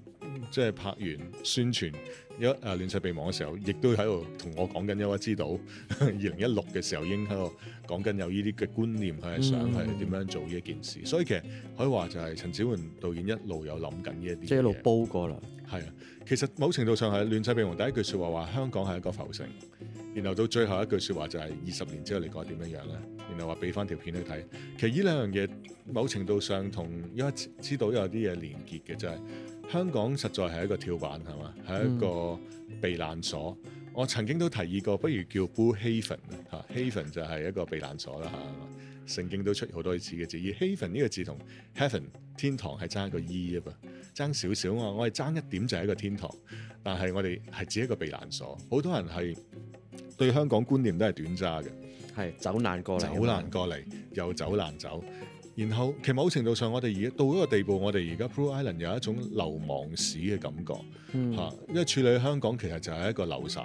即係拍完宣傳。一啊亂世備忘嘅時候，亦都喺度同我講緊。因為知道二零一六嘅時候已經，已經喺度講緊有呢啲嘅觀念，佢係想係點樣做呢一件事。嗯嗯嗯、所以其實可以話就係陳梓桓導演一路有諗緊呢一啲，即係一路煲過啦。係啊，其實某程度上係亂世備忘第一句説話話香港係一個浮城，然後到最後一句説話就係二十年之後你覺得點樣樣咧，然後話俾翻條片你睇。其實呢兩樣嘢某程度上同因為知道有啲嘢連結嘅就係、是。香港實在係一個跳板係嘛，係一個避難所。嗯、我曾經都提議過，不如叫 Blue Haven 啊，哈，Haven 就係一個避難所啦嚇。聖經都出好多次嘅字，而 Haven 呢個字同 Heaven 天堂係爭一個 E 啊嘛，爭少少啊。我係爭一點就係一個天堂，但係我哋係指一個避難所。好多人係對香港觀念都係短揸嘅，係走難過嚟，好難過嚟又走難走。然後，其實某程度上，我哋而到一個地步，我哋而家 Blue Island 有一種流亡史嘅感覺嚇，嗯、因為處理香港其實就係一個流徙，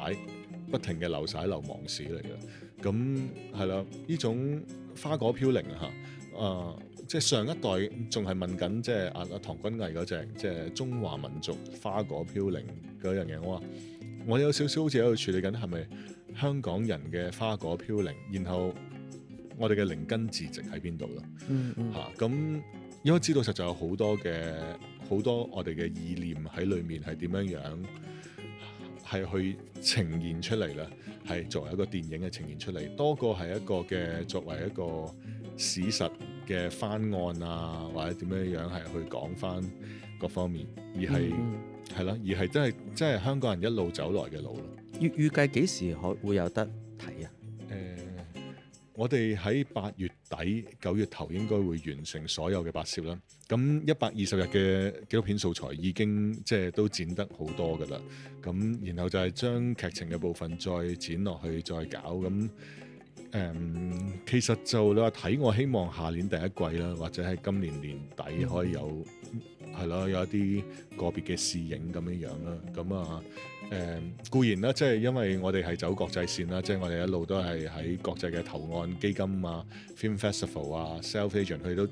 不停嘅流徙流亡史嚟嘅。咁係啦，呢種花果飄零嚇、呃即係即係，啊，即係上一代仲係問緊，即係阿阿唐君毅嗰隻，即係中華民族花果飄零嗰樣嘢。我話我有少少好似喺度處理緊，係咪香港人嘅花果飄零？然後。我哋嘅靈根自植喺邊度咯？嚇、嗯！咁應該知道實在有好多嘅好多我哋嘅意念喺裏面係點樣樣，係去呈現出嚟啦。係作為一個電影嘅呈現出嚟，多過係一個嘅作為一個史實嘅翻案啊，或者點樣樣係去講返各方面，而係係咯，而係真係真係香港人一路走來嘅路咯。預預計幾時可會有得睇啊？誒、嗯。我哋喺八月底、九月頭應該會完成所有嘅拍攝啦。咁一百二十日嘅紀錄片素材已經即係都剪得好多噶啦。咁然後就係將劇情嘅部分再剪落去，再搞咁。誒、嗯，其實就你話睇，我希望下年第一季啦，或者係今年年底可以有係咯、嗯，有一啲個別嘅試影咁樣樣啦。咁啊～誒、嗯、固然啦，即係因為我哋係走國際線啦，即係我哋一路都係喺國際嘅投案基金啊、film festival 啊、sales agent，佢都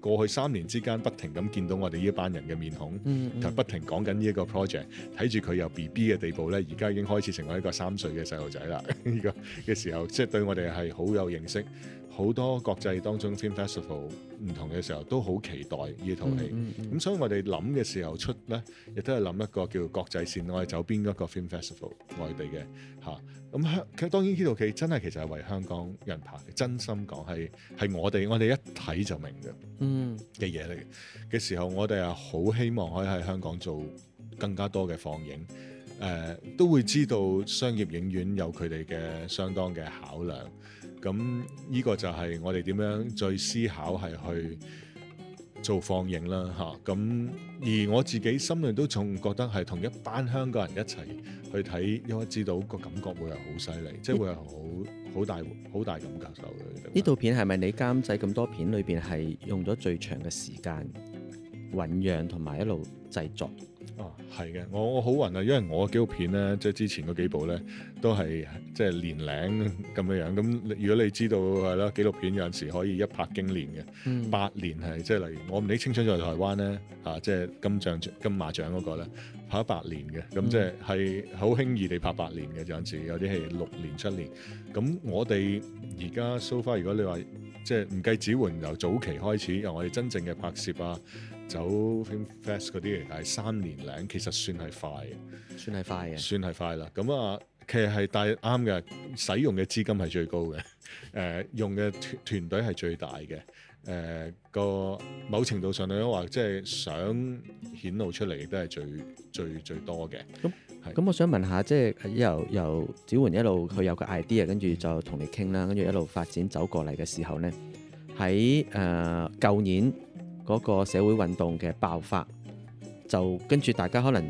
過去三年之間不停咁見到我哋呢一班人嘅面孔，就、嗯嗯、不停講緊呢一個 project，睇住佢由 BB 嘅地步咧，而家已經開始成為一個三歲嘅細路仔啦。呢 *laughs* 個嘅時候，即係對我哋係好有認識。好多國際當中 Film Festival 唔同嘅時候，都好期待呢套戲。咁、嗯嗯嗯、所以我哋諗嘅時候出咧，亦都係諗一個叫國際線，我哋走邊一個 Film Festival 外地嘅嚇。咁香其實當然呢套戲真係其實係為香港人拍嘅，真心講係係我哋我哋一睇就明嘅嘅嘢嚟嘅時候，我哋係好希望可以喺香港做更加多嘅放映。誒、呃、都會知道商業影院有佢哋嘅相當嘅考量。咁呢個就係我哋點樣再思考係去做放映啦嚇。咁、啊、而我自己心裏都仲覺得係同一班香港人一齊去睇，因為知道個感覺會係好犀利，即係會係好好大好大感受嘅。呢套這片係咪你監製咁多片裏邊係用咗最長嘅時間？醖釀同埋一路製作哦，係嘅。我我好運啊，因為我紀錄片咧，即係之前嗰幾部咧，都係即係連領咁樣樣。咁如果你知道係咯，紀錄片有陣時可以一拍經年嘅，嗯、八年係即係例如我唔理青春在台灣咧嚇、啊，即係金像獎金馬獎嗰個咧拍咗八年嘅，咁、嗯、即係係好輕易地拍八年嘅有陣時，有啲係六年七年。咁我哋而家 so far，so、far，如果你話即係唔計指換，由早期開始由我哋真正嘅拍攝啊～走 Film Fest 嗰啲嚟，但係三年零其實算係快嘅，算係快嘅，算係快啦。咁啊，其實係大啱嘅，使用嘅資金係最高嘅，誒、呃、用嘅團團隊係最大嘅，誒、呃、個某程度上嚟講話，即、就、係、是、想顯露出嚟亦都係最最最多嘅。咁咁那，是嗯、我想問下，即、就、係、是、由由子桓一路佢有個 idea，跟住就同你傾啦，跟住一路發展走過嚟嘅時候咧，喺誒舊年。嗰個社會運動嘅爆發，就跟住大家可能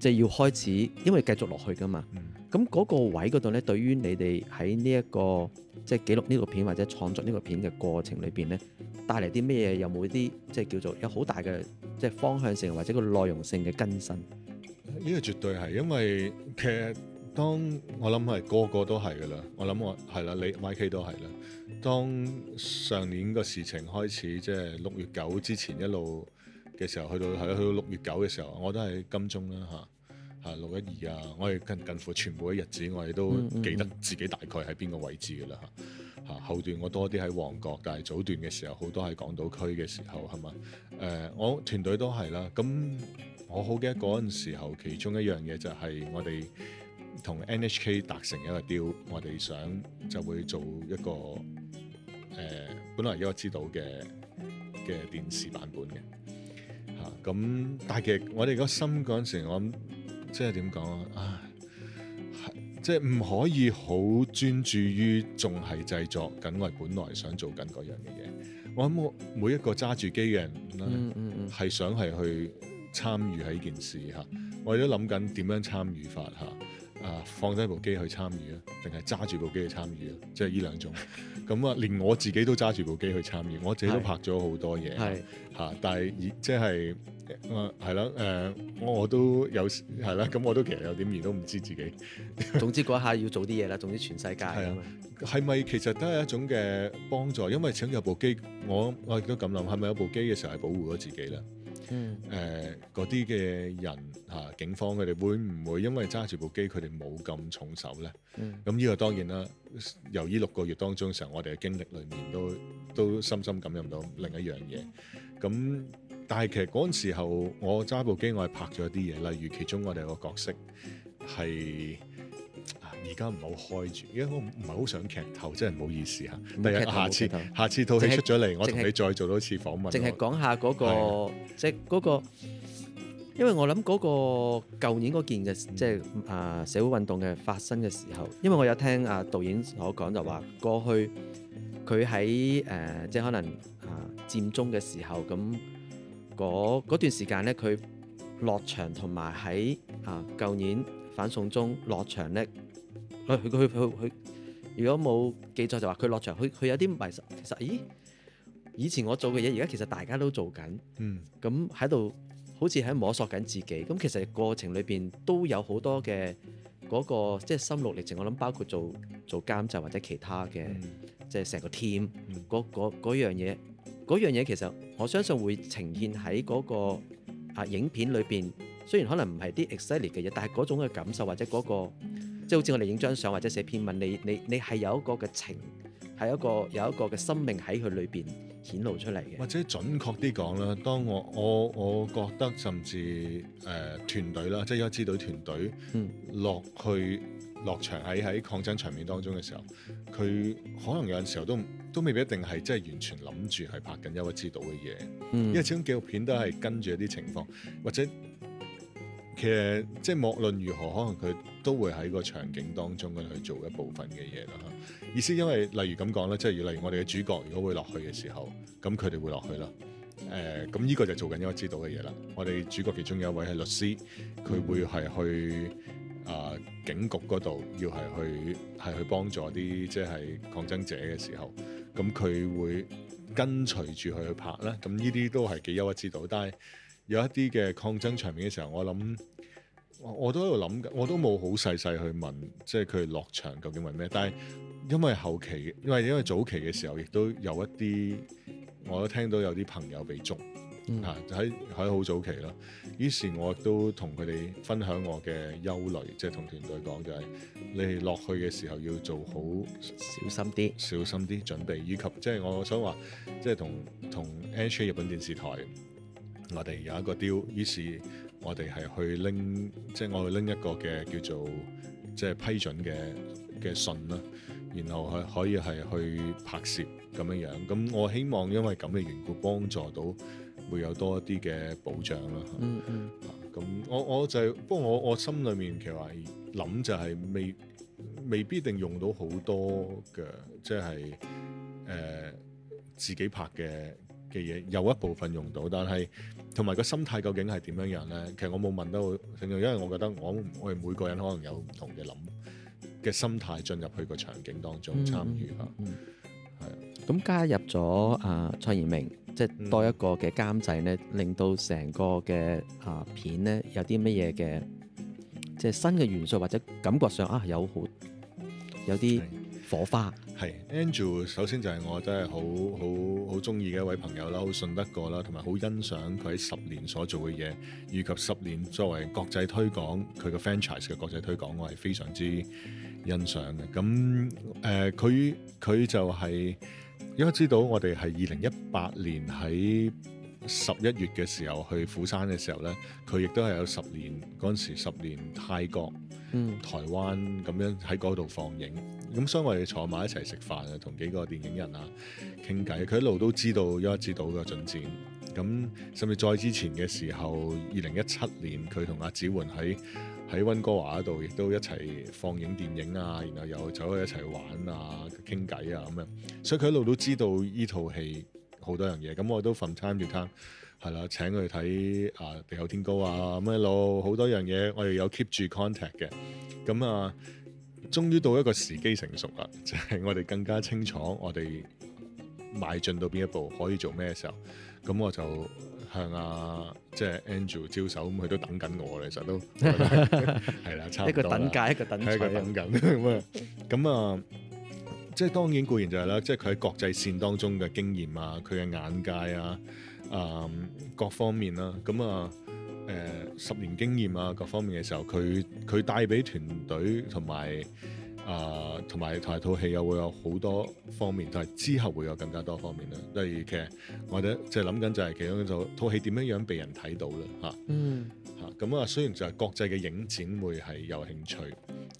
即係要開始，因為繼續落去噶嘛。咁嗰、嗯、個位嗰度咧，對於你哋喺呢一個即係記錄呢個片或者創作呢個片嘅過程裏邊咧，帶嚟啲咩嘢？有冇啲即係叫做有好大嘅即係方向性或者個內容性嘅更新？呢個絕對係，因為其實當我諗係個個都係噶啦。我諗我係啦，你 YK 都係啦。當上年個事情開始，即係六月九之前一路嘅時候，去到係去到六月九嘅時候，我都係金鐘啦，嚇嚇六一二啊，我係近近乎全部嘅日子，我係都記得自己大概喺邊個位置嘅啦，嚇、啊、嚇後段我多啲喺旺角，但係早段嘅時候好多喺港島區嘅時候，係嘛？誒、呃，我團隊都係啦。咁我好記得嗰陣時候，其中一樣嘢就係我哋同 NHK 達成一個 deal，我哋想就會做一個。誒，本來一個知道嘅嘅電視版本嘅嚇，咁、啊、但係其實我哋個心嗰陣時，我諗即係點講啊？即係唔可以好專注於仲係製作緊，我哋本來想做緊嗰樣嘅嘢。我諗我每一個揸住機嘅人係、嗯嗯嗯、想係去參與喺呢件事嚇，我哋都諗緊點樣參與法嚇。啊！放低部機去參與咯，定係揸住部機去參與咯，即係呢兩種。咁啊，連我自己都揸住部機去參與，我自己都拍咗好多嘢。係。嚇、啊！但係即係啊，係啦，誒、呃，我都有係啦。咁我都其實有點面都唔知自己。嗯、 *laughs* 總之嗰下要做啲嘢啦。總之全世界。係咪、啊、其實都係一種嘅幫助？因為請有部機，我我亦都咁諗，係咪有部機嘅時候係保護咗自己咧？嗯，誒嗰啲嘅人嚇、啊，警方佢哋會唔會因為揸住部機，佢哋冇咁重手咧？嗯，咁呢個當然啦。由於六個月當中嘅時，時候，我哋嘅經歷裡面都都深深感染到另一樣嘢。咁但係其實嗰陣時候，我揸部機，我係拍咗啲嘢，例如其中我哋個角色係。而家唔好開住，因為我唔係好想劇透，真係唔好意思嚇。第日下次下次套戲出咗嚟，是我同你再做多一次訪問，淨係講下嗰、嗰個即係嗰個，因為我諗嗰個舊年嗰件嘅即係啊社會運動嘅發生嘅時候，因為我有聽啊導演所講就話過去佢喺誒即係可能啊佔、呃、中嘅時候，咁嗰段時間咧，佢落場同埋喺啊舊年反送中落場咧。佢佢佢佢，如果冇記錯就話佢落場，佢佢有啲迷失。其實，咦？以前我做嘅嘢，而家其實大家都做緊。嗯。咁喺度好似喺摸索緊自己。咁其實過程裏邊都有好多嘅嗰、嗰個即係、即係、心路歷程。我諗包括做做監製或者其他嘅，即係成個 team 嗰、嗯、樣嘢，嗰樣嘢其實我相信會呈現喺嗰、嗰個啊影片裏邊。雖然可能唔係啲 excell 嘅嘢，但係嗰種嘅感受或者嗰、嗰個。嗯即係好似我哋影張相或者寫篇文，你你你係有一個嘅情，係一個有一個嘅生命喺佢裏邊顯露出嚟嘅。或者準確啲講啦，當我我我覺得甚至誒、呃、團隊啦，即係一支隊團隊，落、嗯、去落場喺喺抗爭場面當中嘅時候，佢可能有陣時候都都未必一定係即係完全諗住係拍緊一支隊嘅嘢，嗯、因為始終紀錄片都係跟住一啲情況，或者其實即係無論如何，可能佢。都會喺個場景當中去做一部分嘅嘢啦，意思因為例如咁講啦，即係例如我哋嘅主角如果會落去嘅時候，咁佢哋會落去啦。誒、呃，咁依個就做緊應該指導嘅嘢啦。我哋主角其中有一位係律師，佢會係去啊、呃、警局嗰度，要係去係去幫助啲即係抗爭者嘅時候，咁佢會跟隨住佢去拍啦。咁呢啲都係幾優指導，但係有一啲嘅抗爭場面嘅時候，我諗。我都喺度諗緊，我都冇好細細去問，即係佢落場究竟問咩？但係因為後期，因為因為早期嘅時候，亦都有一啲，我都聽到有啲朋友被捉，就喺喺好早期咯。於是，我亦都同佢哋分享我嘅憂慮，即係同團隊講就係你落去嘅時候要做好小心啲，小心啲準備，以及即係我想話，即係同同 NHK 日本電視台，我哋有一個 deal。於是。我哋係去拎，即係我去拎一個嘅叫做即係批准嘅嘅信啦，然後可可以係去拍攝咁樣樣。咁我希望因為咁嘅緣故，幫助到會有多一啲嘅保障啦。嗯嗯。咁啊我我就係不過我我心裏面其實話諗就係未未必定用到好多嘅，即係誒自己拍嘅。嘅嘢有一部分用到，但係同埋個心態究竟係點樣樣咧？其實我冇問到成個，因為我覺得我我哋每個人可能有唔同嘅諗嘅心態進入去個場景當中參與嚇。係啊，咁加入咗啊、呃、蔡延明即係、就是、多一個嘅監製咧，嗯、令到成個嘅啊、呃、片咧有啲乜嘢嘅即係新嘅元素或者感覺上啊有好有啲火花。係，Andrew，首先就係我真係好好好中意嘅一位朋友啦，好信得過啦，同埋好欣賞佢喺十年所做嘅嘢，以及十年作為國際推廣佢嘅 franchise 嘅國際推廣，我係非常之欣賞嘅。咁誒，佢、呃、佢就係、是、因為知道我哋係二零一八年喺十一月嘅時候去釜山嘅時候呢，佢亦都係有十年嗰陣時十年泰國、嗯、台灣咁樣喺嗰度放映。咁、嗯、所以我哋坐埋一齊食飯啊，同幾個電影人啊傾偈，佢一路都知道《憂鬱之島》嘅進展，咁甚至再之前嘅時候，二零一七年佢同阿子桓喺喺溫哥華嗰度，亦都一齊放映電影啊，然後又走去一齊玩啊、傾偈啊咁樣，所以佢一路都知道依套戲好多樣嘢，咁我都 from time to time 係啦請佢睇啊《地厚天高》啊咁一路好多樣嘢，我哋有 keep 住 contact 嘅，咁啊。終於到一個時機成熟啦，就係、是、我哋更加清楚，我哋邁進到邊一步，可以做咩嘅時候，咁我就向阿、啊、即係 Andrew 招手，咁佢都等緊我其實都係啦， *laughs* *laughs* 差唔多一個等界，一個等界等緊咁啊，咁 *laughs* 啊，即係當然固然就係、是、啦，即係佢喺國際線當中嘅經驗啊，佢嘅眼界啊，啊、嗯、各方面啦，咁啊。誒十年經驗啊，各方面嘅時候，佢佢帶俾團隊同埋啊，同埋同埋套戲又會有好多方面，但係之後會有更加多方面啦。例如其實，或者即係諗緊就係其中就套戲點樣樣被人睇到啦嚇。嗯嚇，咁啊、嗯、雖然就係國際嘅影展會係有興趣，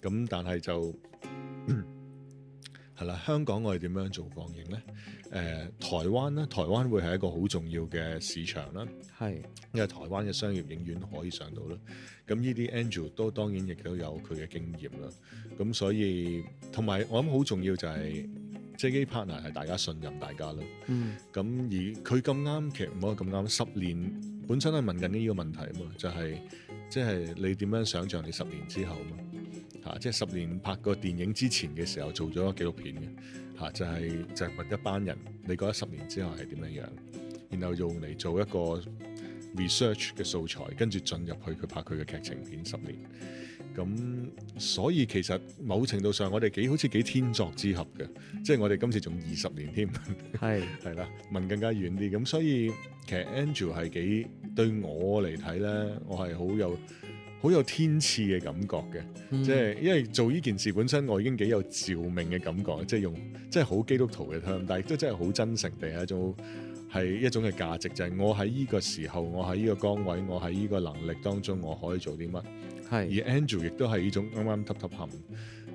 咁但係就。係啦，香港我哋點樣做放映咧？誒、呃，台灣咧，台灣會係一個好重要嘅市場啦。係是，因為台灣嘅商業影院可以上到啦。咁呢啲 Andrew 都當然亦都有佢嘅經驗啦。咁所以同埋我諗好重要就係，即係 partner 係大家信任大家咯。嗯。咁而佢咁啱，其實唔可以咁啱，十年本身係問緊呢個問題啊嘛，就係即係你點樣想像你十年之後啊嘛？嚇、啊！即係十年拍個電影之前嘅時候做，做咗個紀錄片嘅嚇，就係、係、就係、問一班人，你覺得十年之後係點樣樣？然後用嚟做一個 research 嘅素材，跟住進入去佢拍佢嘅劇情片十年。咁所以其實某程度上我，我哋幾好似幾天作之合嘅，即係我哋今次仲二十年添。係係啦，問 *laughs* 更加遠啲。咁所以其實 Andrew 係幾對我嚟睇咧，我係好有。好有天賜嘅感覺嘅，嗯、即係因為做呢件事本身，我已經幾有召命嘅感覺，即係用即係好基督徒嘅 tone，但亦都真係好真誠地一種係一種嘅價值，就係、是、我喺呢個時候，我喺呢個崗位，我喺呢個能力當中，我可以做啲乜？係是而 Andrew 亦都係呢種啱啱揼揼冚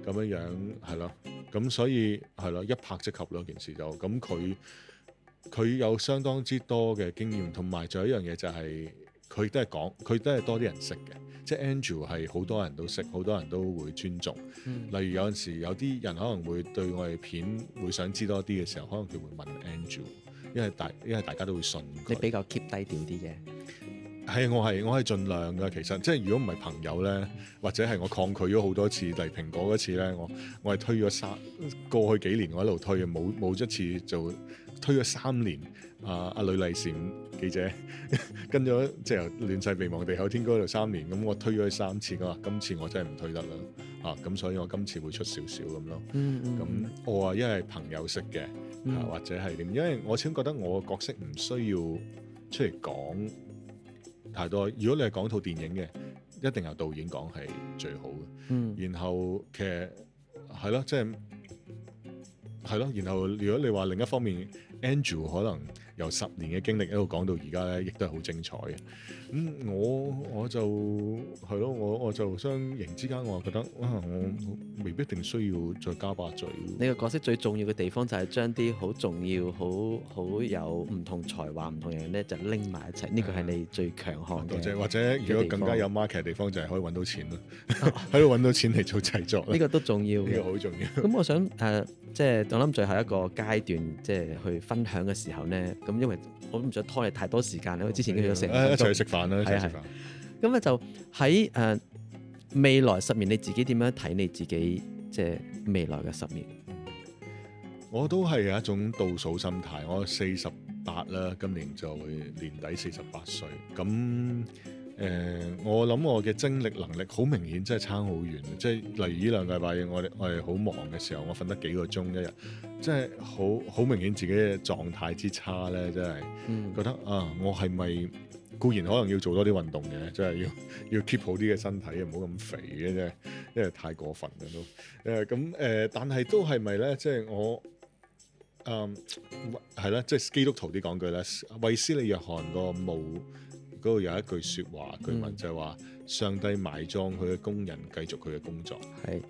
咁樣樣係咯，咁所以係咯一拍即合咯，件事就咁佢佢有相當之多嘅經驗，同埋仲有一樣嘢就係佢都係講，佢都係多啲人識嘅。即係 Andrew 係好多人都識，好多人都會尊重。嗯、例如有陣時有啲人可能會對我哋片會想知多啲嘅時候，可能佢會問 Andrew，因為大因為大家都會信佢。你比較 keep 低調啲嘅。」係我係我係盡量㗎。其實即係如果唔係朋友咧，或者係我抗拒咗好多次，例如蘋果嗰次咧，我我係推咗三過去幾年我一路推冇冇一次就。推咗三年，阿阿呂麗嬋記者呵呵跟咗，即係亂世備忘地厚天高。又三年，咁我推咗三次㗎嘛。今次我真係唔推得啦，啊咁所以我今次會出少少咁咯。咁我話因為朋友識嘅，或者係點，因為我始終覺得我角色唔需要出嚟講太多。如果你係講套電影嘅，一定由導演講係最好嘅。嗯嗯、然後其實係咯，即、嗯、係。嗯嗯嗯係咯，然後如果你話另一方面，Andrew 可能由十年嘅經歷一路講到而家咧，亦都係好精彩嘅。咁我我就係咯，我我就相應之間，我覺得、啊、我未必一定需要再加把嘴。你個角色最重要嘅地方就係將啲好重要、好好有唔同才華唔同人咧，就拎埋一齊，呢個係你最強項。嘅，或者如果更加有 market 嘅地方，地方就係可以搵到錢咯，喺度搵到錢嚟做製作。呢 *laughs* 個都重要，呢個好重要。咁我想誒、呃、即係我諗最後一個階段，即係去分享嘅時候咧，咁因為我唔想拖你太多時間，因為之前跟咗成誒一齊食飯。係咁啊，就喺誒、呃、未來十年，你自己點樣睇你自己即係未來嘅十年？我都係有一種倒數心態，我四十八啦，今年就會年底四十八歲。咁誒、呃，我諗我嘅精力能力好明顯，真係差好遠。即係例如呢兩個禮拜我哋我哋好忙嘅時候，我瞓得幾個鐘一日，即係好好明顯自己嘅狀態之差咧，真係、嗯、覺得啊，我係咪？固然可能要做多啲運動嘅，真係要要 keep 好啲嘅身體，唔好咁肥嘅啫。因為太過分嘅都誒咁誒，但係都係咪咧？即係我誒係啦，即係基督徒啲講句咧，衛斯理約翰個墓嗰度有一句説話，據聞、嗯、就係話上帝埋葬佢嘅工人，繼續佢嘅工作係。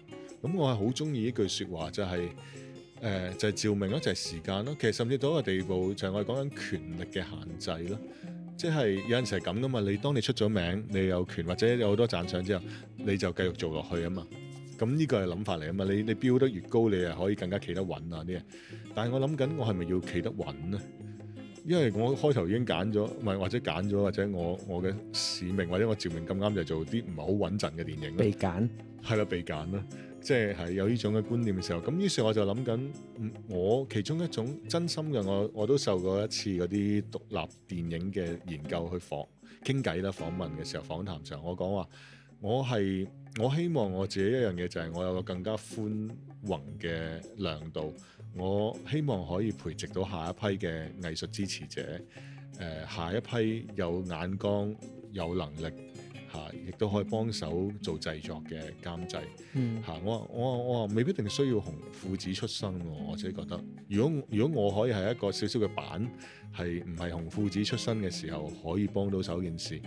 咁我係好中意呢句説話，就係誒就係照明咯，就係時間咯。其實甚至到一個地步，就係我哋講緊權力嘅限制咯。即係有陣時係咁噶嘛，你當你出咗名，你有權或者有好多讚賞之後，你就繼續做落去啊嘛。咁呢個係諗法嚟啊嘛，你你標得越高，你係可以更加企得穩啊啲嘢。但係我諗緊，我係咪要企得穩咧？因為我開頭已經揀咗，或者揀咗，或者我我嘅使命或者我照明咁啱就做啲唔係好穩陣嘅電影被揀。被揀係啦，被揀啦。即係有呢種嘅觀念嘅時候，咁於是我就諗緊，我其中一種真心嘅，我我都受過一次嗰啲獨立電影嘅研究去訪傾偈啦，訪問嘅時候，訪談上，我講話，我係我希望我自己一樣嘢，就係我有個更加寬宏嘅量度，我希望可以培植到下一批嘅藝術支持者，誒、呃、下一批有眼光、有能力。嚇，亦都可以幫手做製作嘅監製。嚇、嗯，我我我未必一定需要紅褲子出身，我自己覺得如果如果我可以係一個少少嘅版，係唔係紅褲子出身嘅時候可以幫到首件事，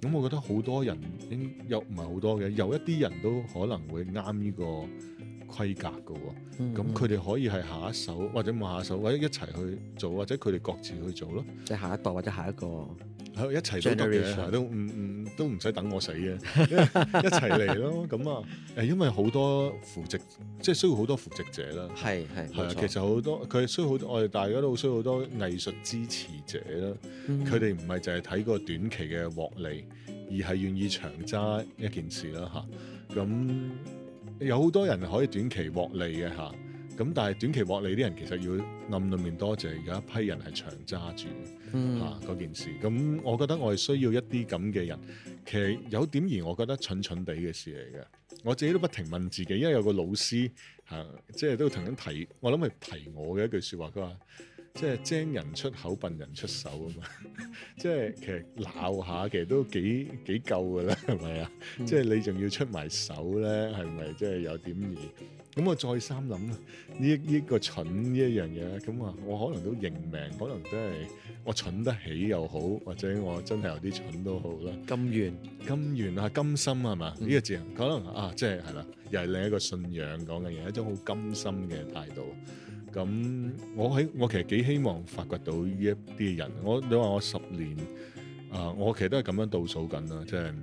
咁我覺得好多人應有唔係好多嘅，有一啲人都可能會啱呢、這個。規格㗎喎，咁佢哋可以係下一手或者冇下一手，或者一齊去做，或者佢哋各自去做咯。即係下一代或者下一個，係一齊都得嘅 Generation、嗯嗯，都唔唔都唔使等我死嘅， *laughs* *laughs* 一齊嚟咯。咁啊，誒，因為好多扶植，即係 *laughs* 需要好多扶植者啦。係係，係啊，是錯其實好多佢需要好多，我哋大家都好需要好多藝術支持者啦。佢哋唔係淨係睇個短期嘅獲利，而係願意長揸一件事啦吓，咁。有好多人可以短期獲利嘅嚇，咁但係短期獲利啲人其實要暗裏面多謝有一批人係長揸住嚇嗰件事，咁我覺得我係需要一啲咁嘅人。其實有點而我覺得蠢蠢地嘅事嚟嘅，我自己都不停問自己，因為有個老師嚇、啊，即係都曾經提，我諗係提我嘅一句説話，佢話。即係精人出口笨人出手啊嘛！ *laughs* 即係其實鬧下，其實都幾幾夠噶啦，係咪啊？即係你仲要出埋手咧，係咪？即係有點易。咁我再三諗啊，呢、這、呢、個這個蠢呢一樣嘢咧，咁啊，我可能都認命，可能真係我蠢得起又好，或者我真係有啲蠢都好啦。甘願甘願啊，甘心係嘛？呢、嗯、個字可能啊，即係係啦，又係另一個信仰講嘅嘢，一種好甘心嘅態度。咁我喺我其實幾希望發掘到呢一啲嘅人，我你話我十年啊、呃，我其實都係咁樣倒數緊啦，即係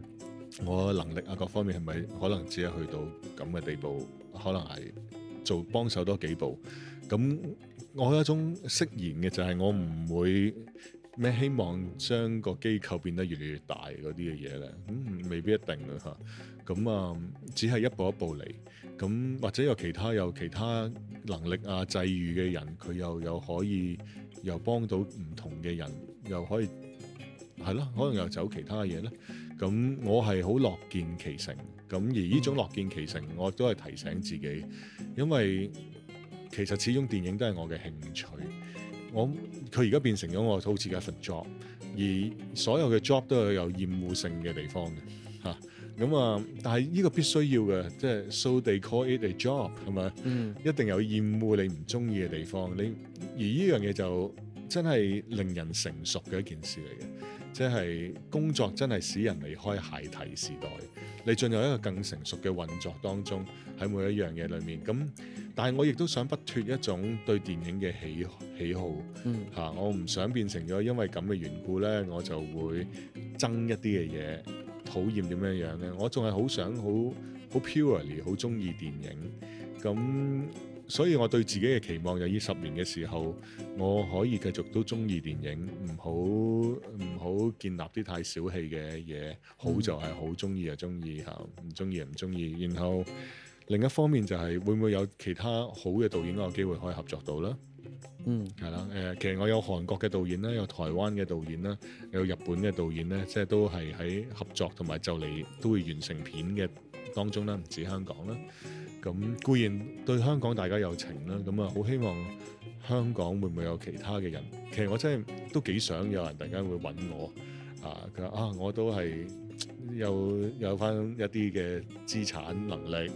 我能力啊各方面係咪可能只係去到咁嘅地步？可能係做幫手多幾步。咁我有一種釋然嘅就係我唔會咩希望將個機構變得越嚟越大嗰啲嘅嘢咧，咁、嗯、未必一定啦嚇。咁啊、嗯，只係一步一步嚟。咁或者有其他有其他。能力啊，際遇嘅人，佢又又可以又幫到唔同嘅人，又可以係咯，可能又走其他嘢咧。咁我係好樂見其成，咁而呢種樂見其成，我都係提醒自己，因為其實始終電影都係我嘅興趣，我佢而家變成咗我好似嘅一份 job，而所有嘅 job 都有有厭惡性嘅地方嘅嚇。咁啊，嗯、但係呢個必須要嘅，即係 so they call it a job 係咪？嗯，一定有厭惡你唔中意嘅地方。你而呢樣嘢就真係令人成熟嘅一件事嚟嘅，即係工作真係使人離開孩提時代，你進入一個更成熟嘅運作當中，喺每一樣嘢裡面。咁但係我亦都想不脫一種對電影嘅喜喜好，嚇、嗯嗯、我唔想變成咗因為咁嘅緣故咧，我就會憎一啲嘅嘢。討厭點樣樣咧？我仲係好想好好 purely 好中意電影，咁所以我對自己嘅期望就呢十年嘅時候，我可以繼續都中意電影，唔好唔好建立啲太小氣嘅嘢。好就係好中意就中意嚇，唔中意唔中意。然後另一方面就係會唔會有其他好嘅導演嘅機會可以合作到啦？嗯，係啦，誒、呃，其實我有韓國嘅導演啦，有台灣嘅導演啦，有日本嘅導演咧，即係都係喺合作同埋就嚟都會完成片嘅當中啦，唔止香港啦。咁固然對香港大家有情啦，咁啊好希望香港會唔會有其他嘅人？其實我真係都幾想有人突然間會揾我啊！佢話啊，我都係有有翻一啲嘅資產能力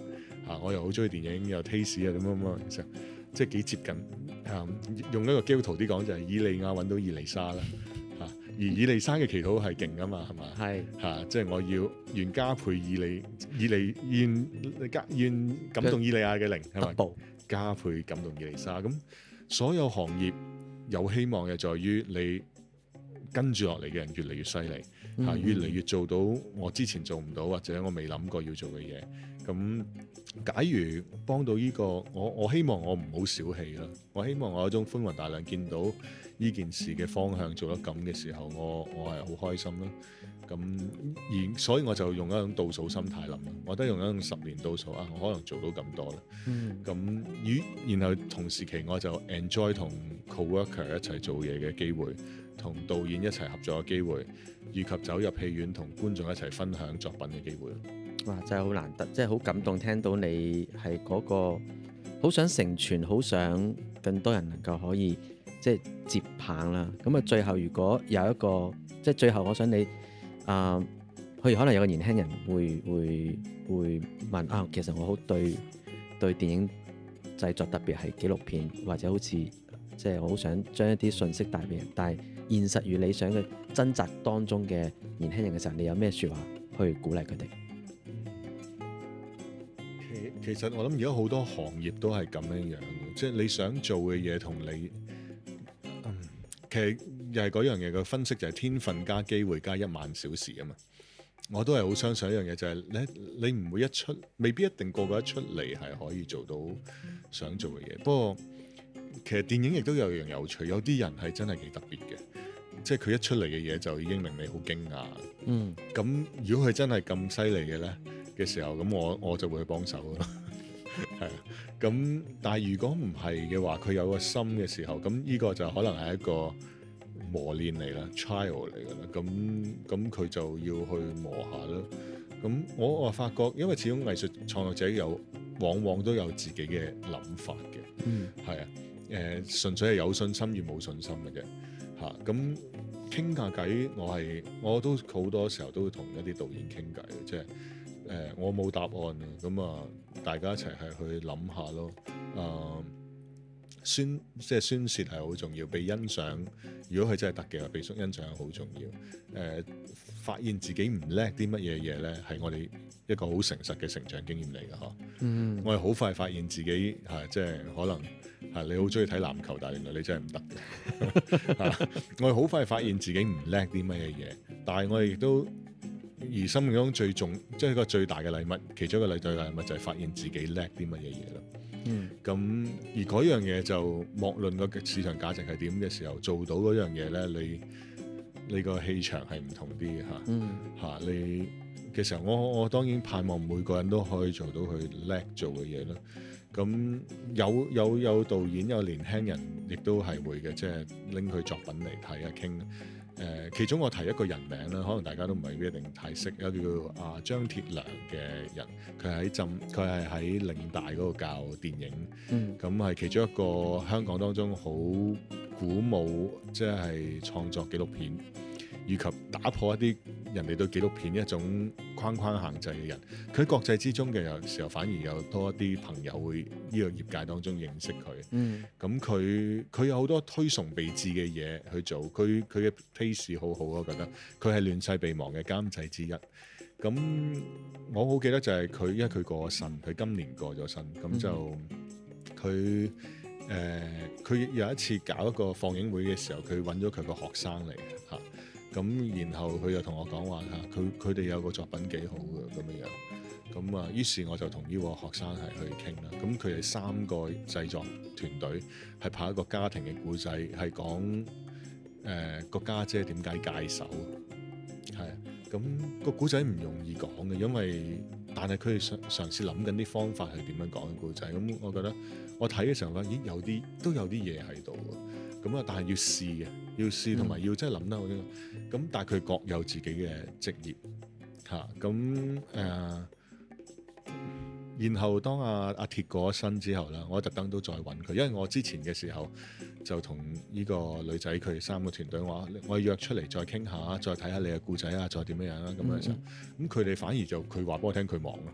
啊，我又好中意電影，有 taste 啊，咁樣樣，其實即係幾接近。啊！用一個基督徒啲講就係以利亞揾到以利沙啦，嚇！而以利沙嘅祈禱係勁㗎嘛，係嘛？係嚇！即係我要願加倍以利以利願加願感動以利亞嘅靈，係咪？加倍感動以利沙。咁所有行業有希望嘅，在於你跟住落嚟嘅人越嚟越犀利，嚇！越嚟越做到我之前做唔到或者我未諗過要做嘅嘢。咁假如幫到呢個，我我希望我唔好小氣啦。我希望我有種寬宏大量，見到呢件事嘅方向，做得咁嘅時候，我我係好開心啦。咁然所以我就用一種倒數心態諗，我得用一種十年倒數啊。我可能做到咁多啦。咁與、嗯、然後同時期我就 enjoy 同 co-worker 一齊做嘢嘅機會，同導演一齊合作嘅機會，以及走入戲院同觀眾一齊分享作品嘅機會。哇！真係好難得，即係好感動。聽到你係嗰個好想成全，好想更多人能夠可以即係接棒啦。咁啊，最後如果有一個即係最後，我想你啊，譬、呃、如可能有個年輕人會會會問啊，其實我好對對電影製作特別係紀錄片或者好似即係我好想將一啲信息帶俾人，但係現實與理想嘅掙扎當中嘅年輕人嘅時候，你有咩説話去鼓勵佢哋？其實我諗而家好多行業都係咁樣樣，即係你想做嘅嘢同你，嗯、其實又係嗰樣嘢嘅分析，就係天分加機會加一萬小時啊嘛。我都係好相信一樣嘢，就係咧你唔會一出，未必一定個個一出嚟係可以做到想做嘅嘢。嗯、不過其實電影亦都有樣有趣，有啲人係真係幾特別嘅，即係佢一出嚟嘅嘢就已經令你好驚訝。嗯，咁如果佢真係咁犀利嘅咧，嘅時候，咁我我就會去幫手咯，係 *laughs* 啊。咁但係如果唔係嘅話，佢有個心嘅時候，咁呢個就可能係一個磨練嚟啦，trial 嚟㗎啦。咁咁佢就要去磨下啦。咁我我發覺，因為始終藝術創作者有往往都有自己嘅諗法嘅，係啊、嗯。誒、呃，純粹係有信心與冇信心嘅啫。嚇咁傾下偈，我係我都好多時候都會同一啲導演傾偈嘅，即係。誒，我冇答案啊！咁啊，大家一齊係去諗下咯。誒、呃，宣即係宣泄係好重要，被欣賞。如果佢真係得嘅話，被賞欣賞好重要。誒、呃，發現自己唔叻啲乜嘢嘢咧，係我哋一個好誠實嘅成長經驗嚟嘅呵。嗯，我哋好快發現自己係、啊、即係可能係、啊、你好中意睇籃球，但係原來你真係唔得。我哋好快發現自己唔叻啲乜嘢嘢，但係我哋亦都而生命中最重即係一個最大嘅禮物，其中一個最大嘅禮物就係發現自己叻啲乜嘢嘢咯。嗯，咁而嗰樣嘢就莫論個市場價值係點嘅時候，做到嗰樣嘢咧，你呢個氣場係唔同啲嘅嚇。嗯，嚇、啊、你嘅時候，我我當然盼望每個人都可以做到佢叻做嘅嘢咯。咁有有有導演有年輕人，亦都係會嘅，即係拎佢作品嚟睇一傾。誒，其中我提一個人名啦，可能大家都唔係一定太識，有個叫阿張鐵良嘅人，佢喺浸，佢係喺嶺大嗰個教電影，咁係、嗯、其中一個香港當中好鼓舞，即係創作紀錄片以及打破一啲人哋對紀錄片一種框框限制嘅人，佢喺國際之中嘅有時候，反而有多一啲朋友會呢個業界當中認識佢。咁佢佢有好多推崇備至嘅嘢去做，佢佢嘅 taste 好好啊，我覺得佢係亂世備忘嘅監製之一。咁我好記得就係佢，因為佢過咗身，佢、嗯、今年過咗身，咁就佢誒佢有一次搞一個放映會嘅時候，佢揾咗佢個學生嚟嚇。咁然後佢就同我講話嚇，佢佢哋有個作品幾好嘅咁樣樣，咁啊於是我就同呢個學生係去傾啦。咁佢哋三個製作團隊係拍一個家庭嘅故仔，係講誒個家姐點解戒手，係咁、嗯這個古仔唔容易講嘅，因為但係佢哋嘗嘗試諗緊啲方法係點樣講嘅故仔。咁、嗯、我覺得我睇嘅時候咧，咦有啲都有啲嘢喺度。咁啊！但係要試嘅，要試同埋要真係諗得好啲。咁、嗯、但係佢各有自己嘅職業嚇。咁、啊、誒、呃，然後當阿、啊、阿、啊、鐵過咗身之後啦，我特登都再揾佢，因為我之前嘅時候就同呢個女仔佢三個團隊話，我約出嚟再傾下，再睇下你嘅故仔啊，再點樣樣啦。咁樣就咁，佢哋反而就佢話俾我聽佢忙啊。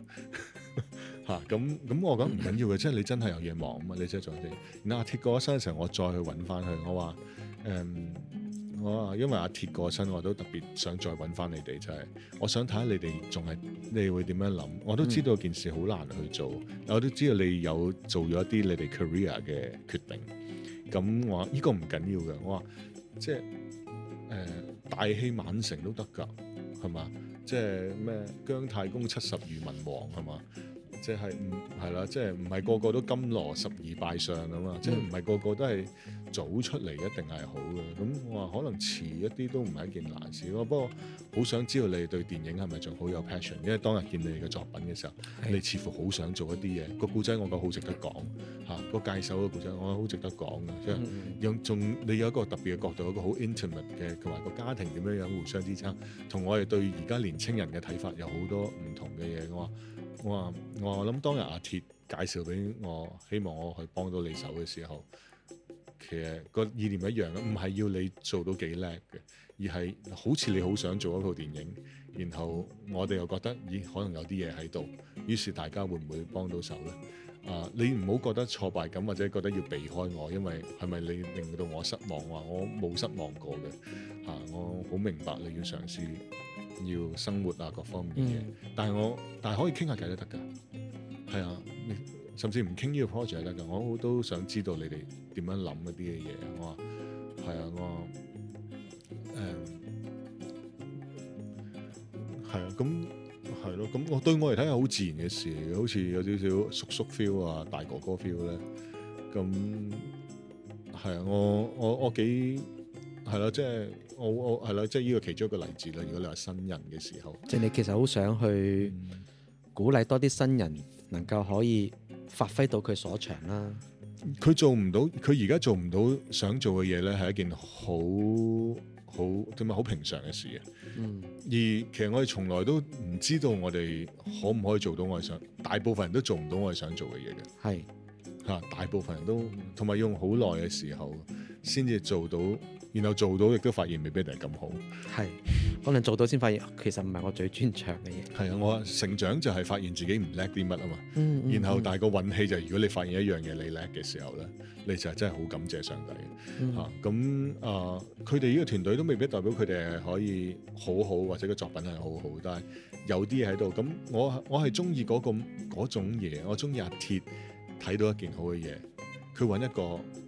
*laughs* 嚇咁咁，啊、我講唔緊要嘅，即係 *laughs* 你真係有嘢忙啊嘛，你真係做啲。然後阿、啊、鐵過咗身嘅時候，我再去揾翻佢。我話誒、嗯，我話因為阿、啊、鐵過身，我都特別想再揾翻你哋。真係，我想睇下你哋仲係你會點樣諗。我都知道件事好難去做，嗯、我都知道你有做咗一啲你哋 career 嘅決定。咁我話呢個唔緊要嘅，我話即係誒大器晚成都得㗎，係、這、嘛、個？即係咩、呃、姜太公七十遇文王係嘛？即係唔係啦，即係唔係個個都甘羅十二拜相咁嘛？即係唔係個個都係早出嚟一定係好嘅咁。我話可能遲一啲都唔係一件難事咯。不過好想知道你哋對電影係咪仲好有 passion？因為當日見你哋嘅作品嘅時候，你似乎好想做一啲嘢。個故仔我覺得好值得講嚇，個介手嘅故仔我覺得好值得講嘅。因為用仲你有一個特別嘅角度，一個好 intimate 嘅，同埋個家庭點樣樣互相支撐，同我哋對而家年青人嘅睇法有好多唔同嘅嘢嘅話。我話我諗當日阿鐵介紹俾我，希望我去幫到你手嘅時候，其實個意念一樣嘅，唔係要你做到幾叻嘅，而係好似你好想做一套電影，然後我哋又覺得咦可能有啲嘢喺度，於是大家會唔會幫到手呢？啊，你唔好覺得挫敗感或者覺得要避開我，因為係咪你令到我失望？話我冇失望過嘅，嚇、啊、我好明白你要嘗試。要生活啊，各方面嘅嘢，嗯、但係我，但係可以傾下偈都得噶，係啊，你甚至唔傾呢個 project 得噶，我都想知道你哋點樣諗一啲嘅嘢。我話，係啊，我誒，係、嗯、啊，咁係咯，咁我、啊、對我嚟睇係好自然嘅事，好似有少少叔叔 feel 啊，大哥哥 feel 咧，咁係啊，我我我幾，係咯、啊，即、就、係、是。我我係咯，即係呢個其中一個例子啦。如果你話新人嘅時候，即係你其實好想去鼓勵多啲新人，能夠可以發揮到佢所長啦、啊。佢、嗯、做唔到，佢而家做唔到想做嘅嘢咧，係一件好好點啊好平常嘅事啊。嗯，而其實我哋從來都唔知道我哋可唔可以做到我哋想，大部分人都做唔到我哋想做嘅嘢嘅。係是，吓，大部分人都同埋用好耐嘅時候先至做到。然後做到亦都發現，未必一定係咁好。係可能做到先發現，其實唔係我最專長嘅嘢。係啊， *laughs* 我成長就係發現自己唔叻啲乜啊嘛。嗯嗯、然後但係個運氣、嗯嗯、就係，如果你發現一樣嘢你叻嘅時候咧，你就係真係好感謝上帝嘅吓咁、嗯、啊，佢哋呢個團隊都未必代表佢哋係可以好好或者個作品係好好，但係有啲嘢喺度。咁我我係中意嗰咁嗰種嘢，我中意、那個、阿鐵睇到一件好嘅嘢。佢揾一個，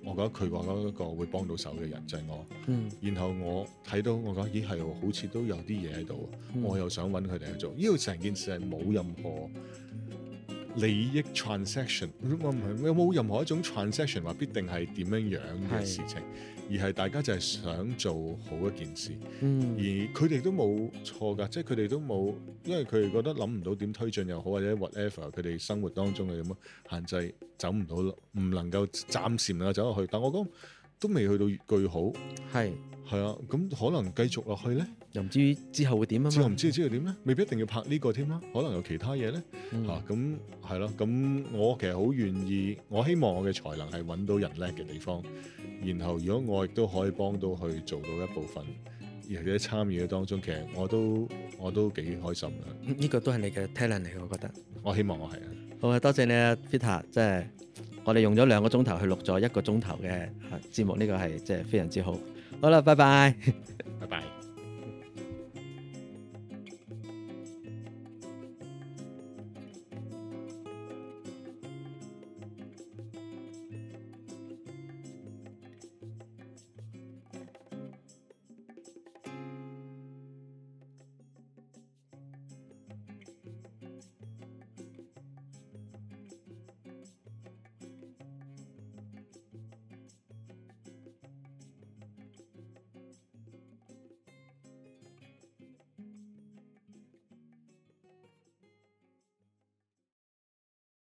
我覺得佢話嗰一個會幫到手嘅人就係、是、我。嗯、然後我睇到我覺得咦係，好似都有啲嘢喺度，我又想揾佢哋去做。呢、嗯、個成件事係冇任何，嗯嗯利益 transaction，我唔係，有冇任何一種 transaction 話必定係點樣樣嘅事情？是而係大家就係想做好一件事，嗯、而佢哋都冇錯㗎，即係佢哋都冇，因為佢哋覺得諗唔到點推進又好，或者 whatever，佢哋生活當中嘅咁樣限制走唔到咯，唔能夠暫時能夠走落去。但我講。都未去到越過好，係係是啊，咁可能繼續落去咧，又唔知之後會點啊？之後唔知之後點咧？未必一定要拍呢個添啊，可能有其他嘢咧嚇。咁係咯，咁、啊啊、我其實好願意，我希望我嘅才能係揾到人叻嘅地方，然後如果我亦都可以幫到佢做到一部分，而且參與嘅當中，其實我都我都幾開心啊！呢、嗯這個都係你嘅 talent 嚟，我覺得。我希望我係啊。好啊，多謝你啊，Peter，即係。我哋用咗兩個鐘頭去錄咗一個鐘頭嘅節目，呢、這個係真係非常之好。好啦，拜拜， *laughs* 拜拜。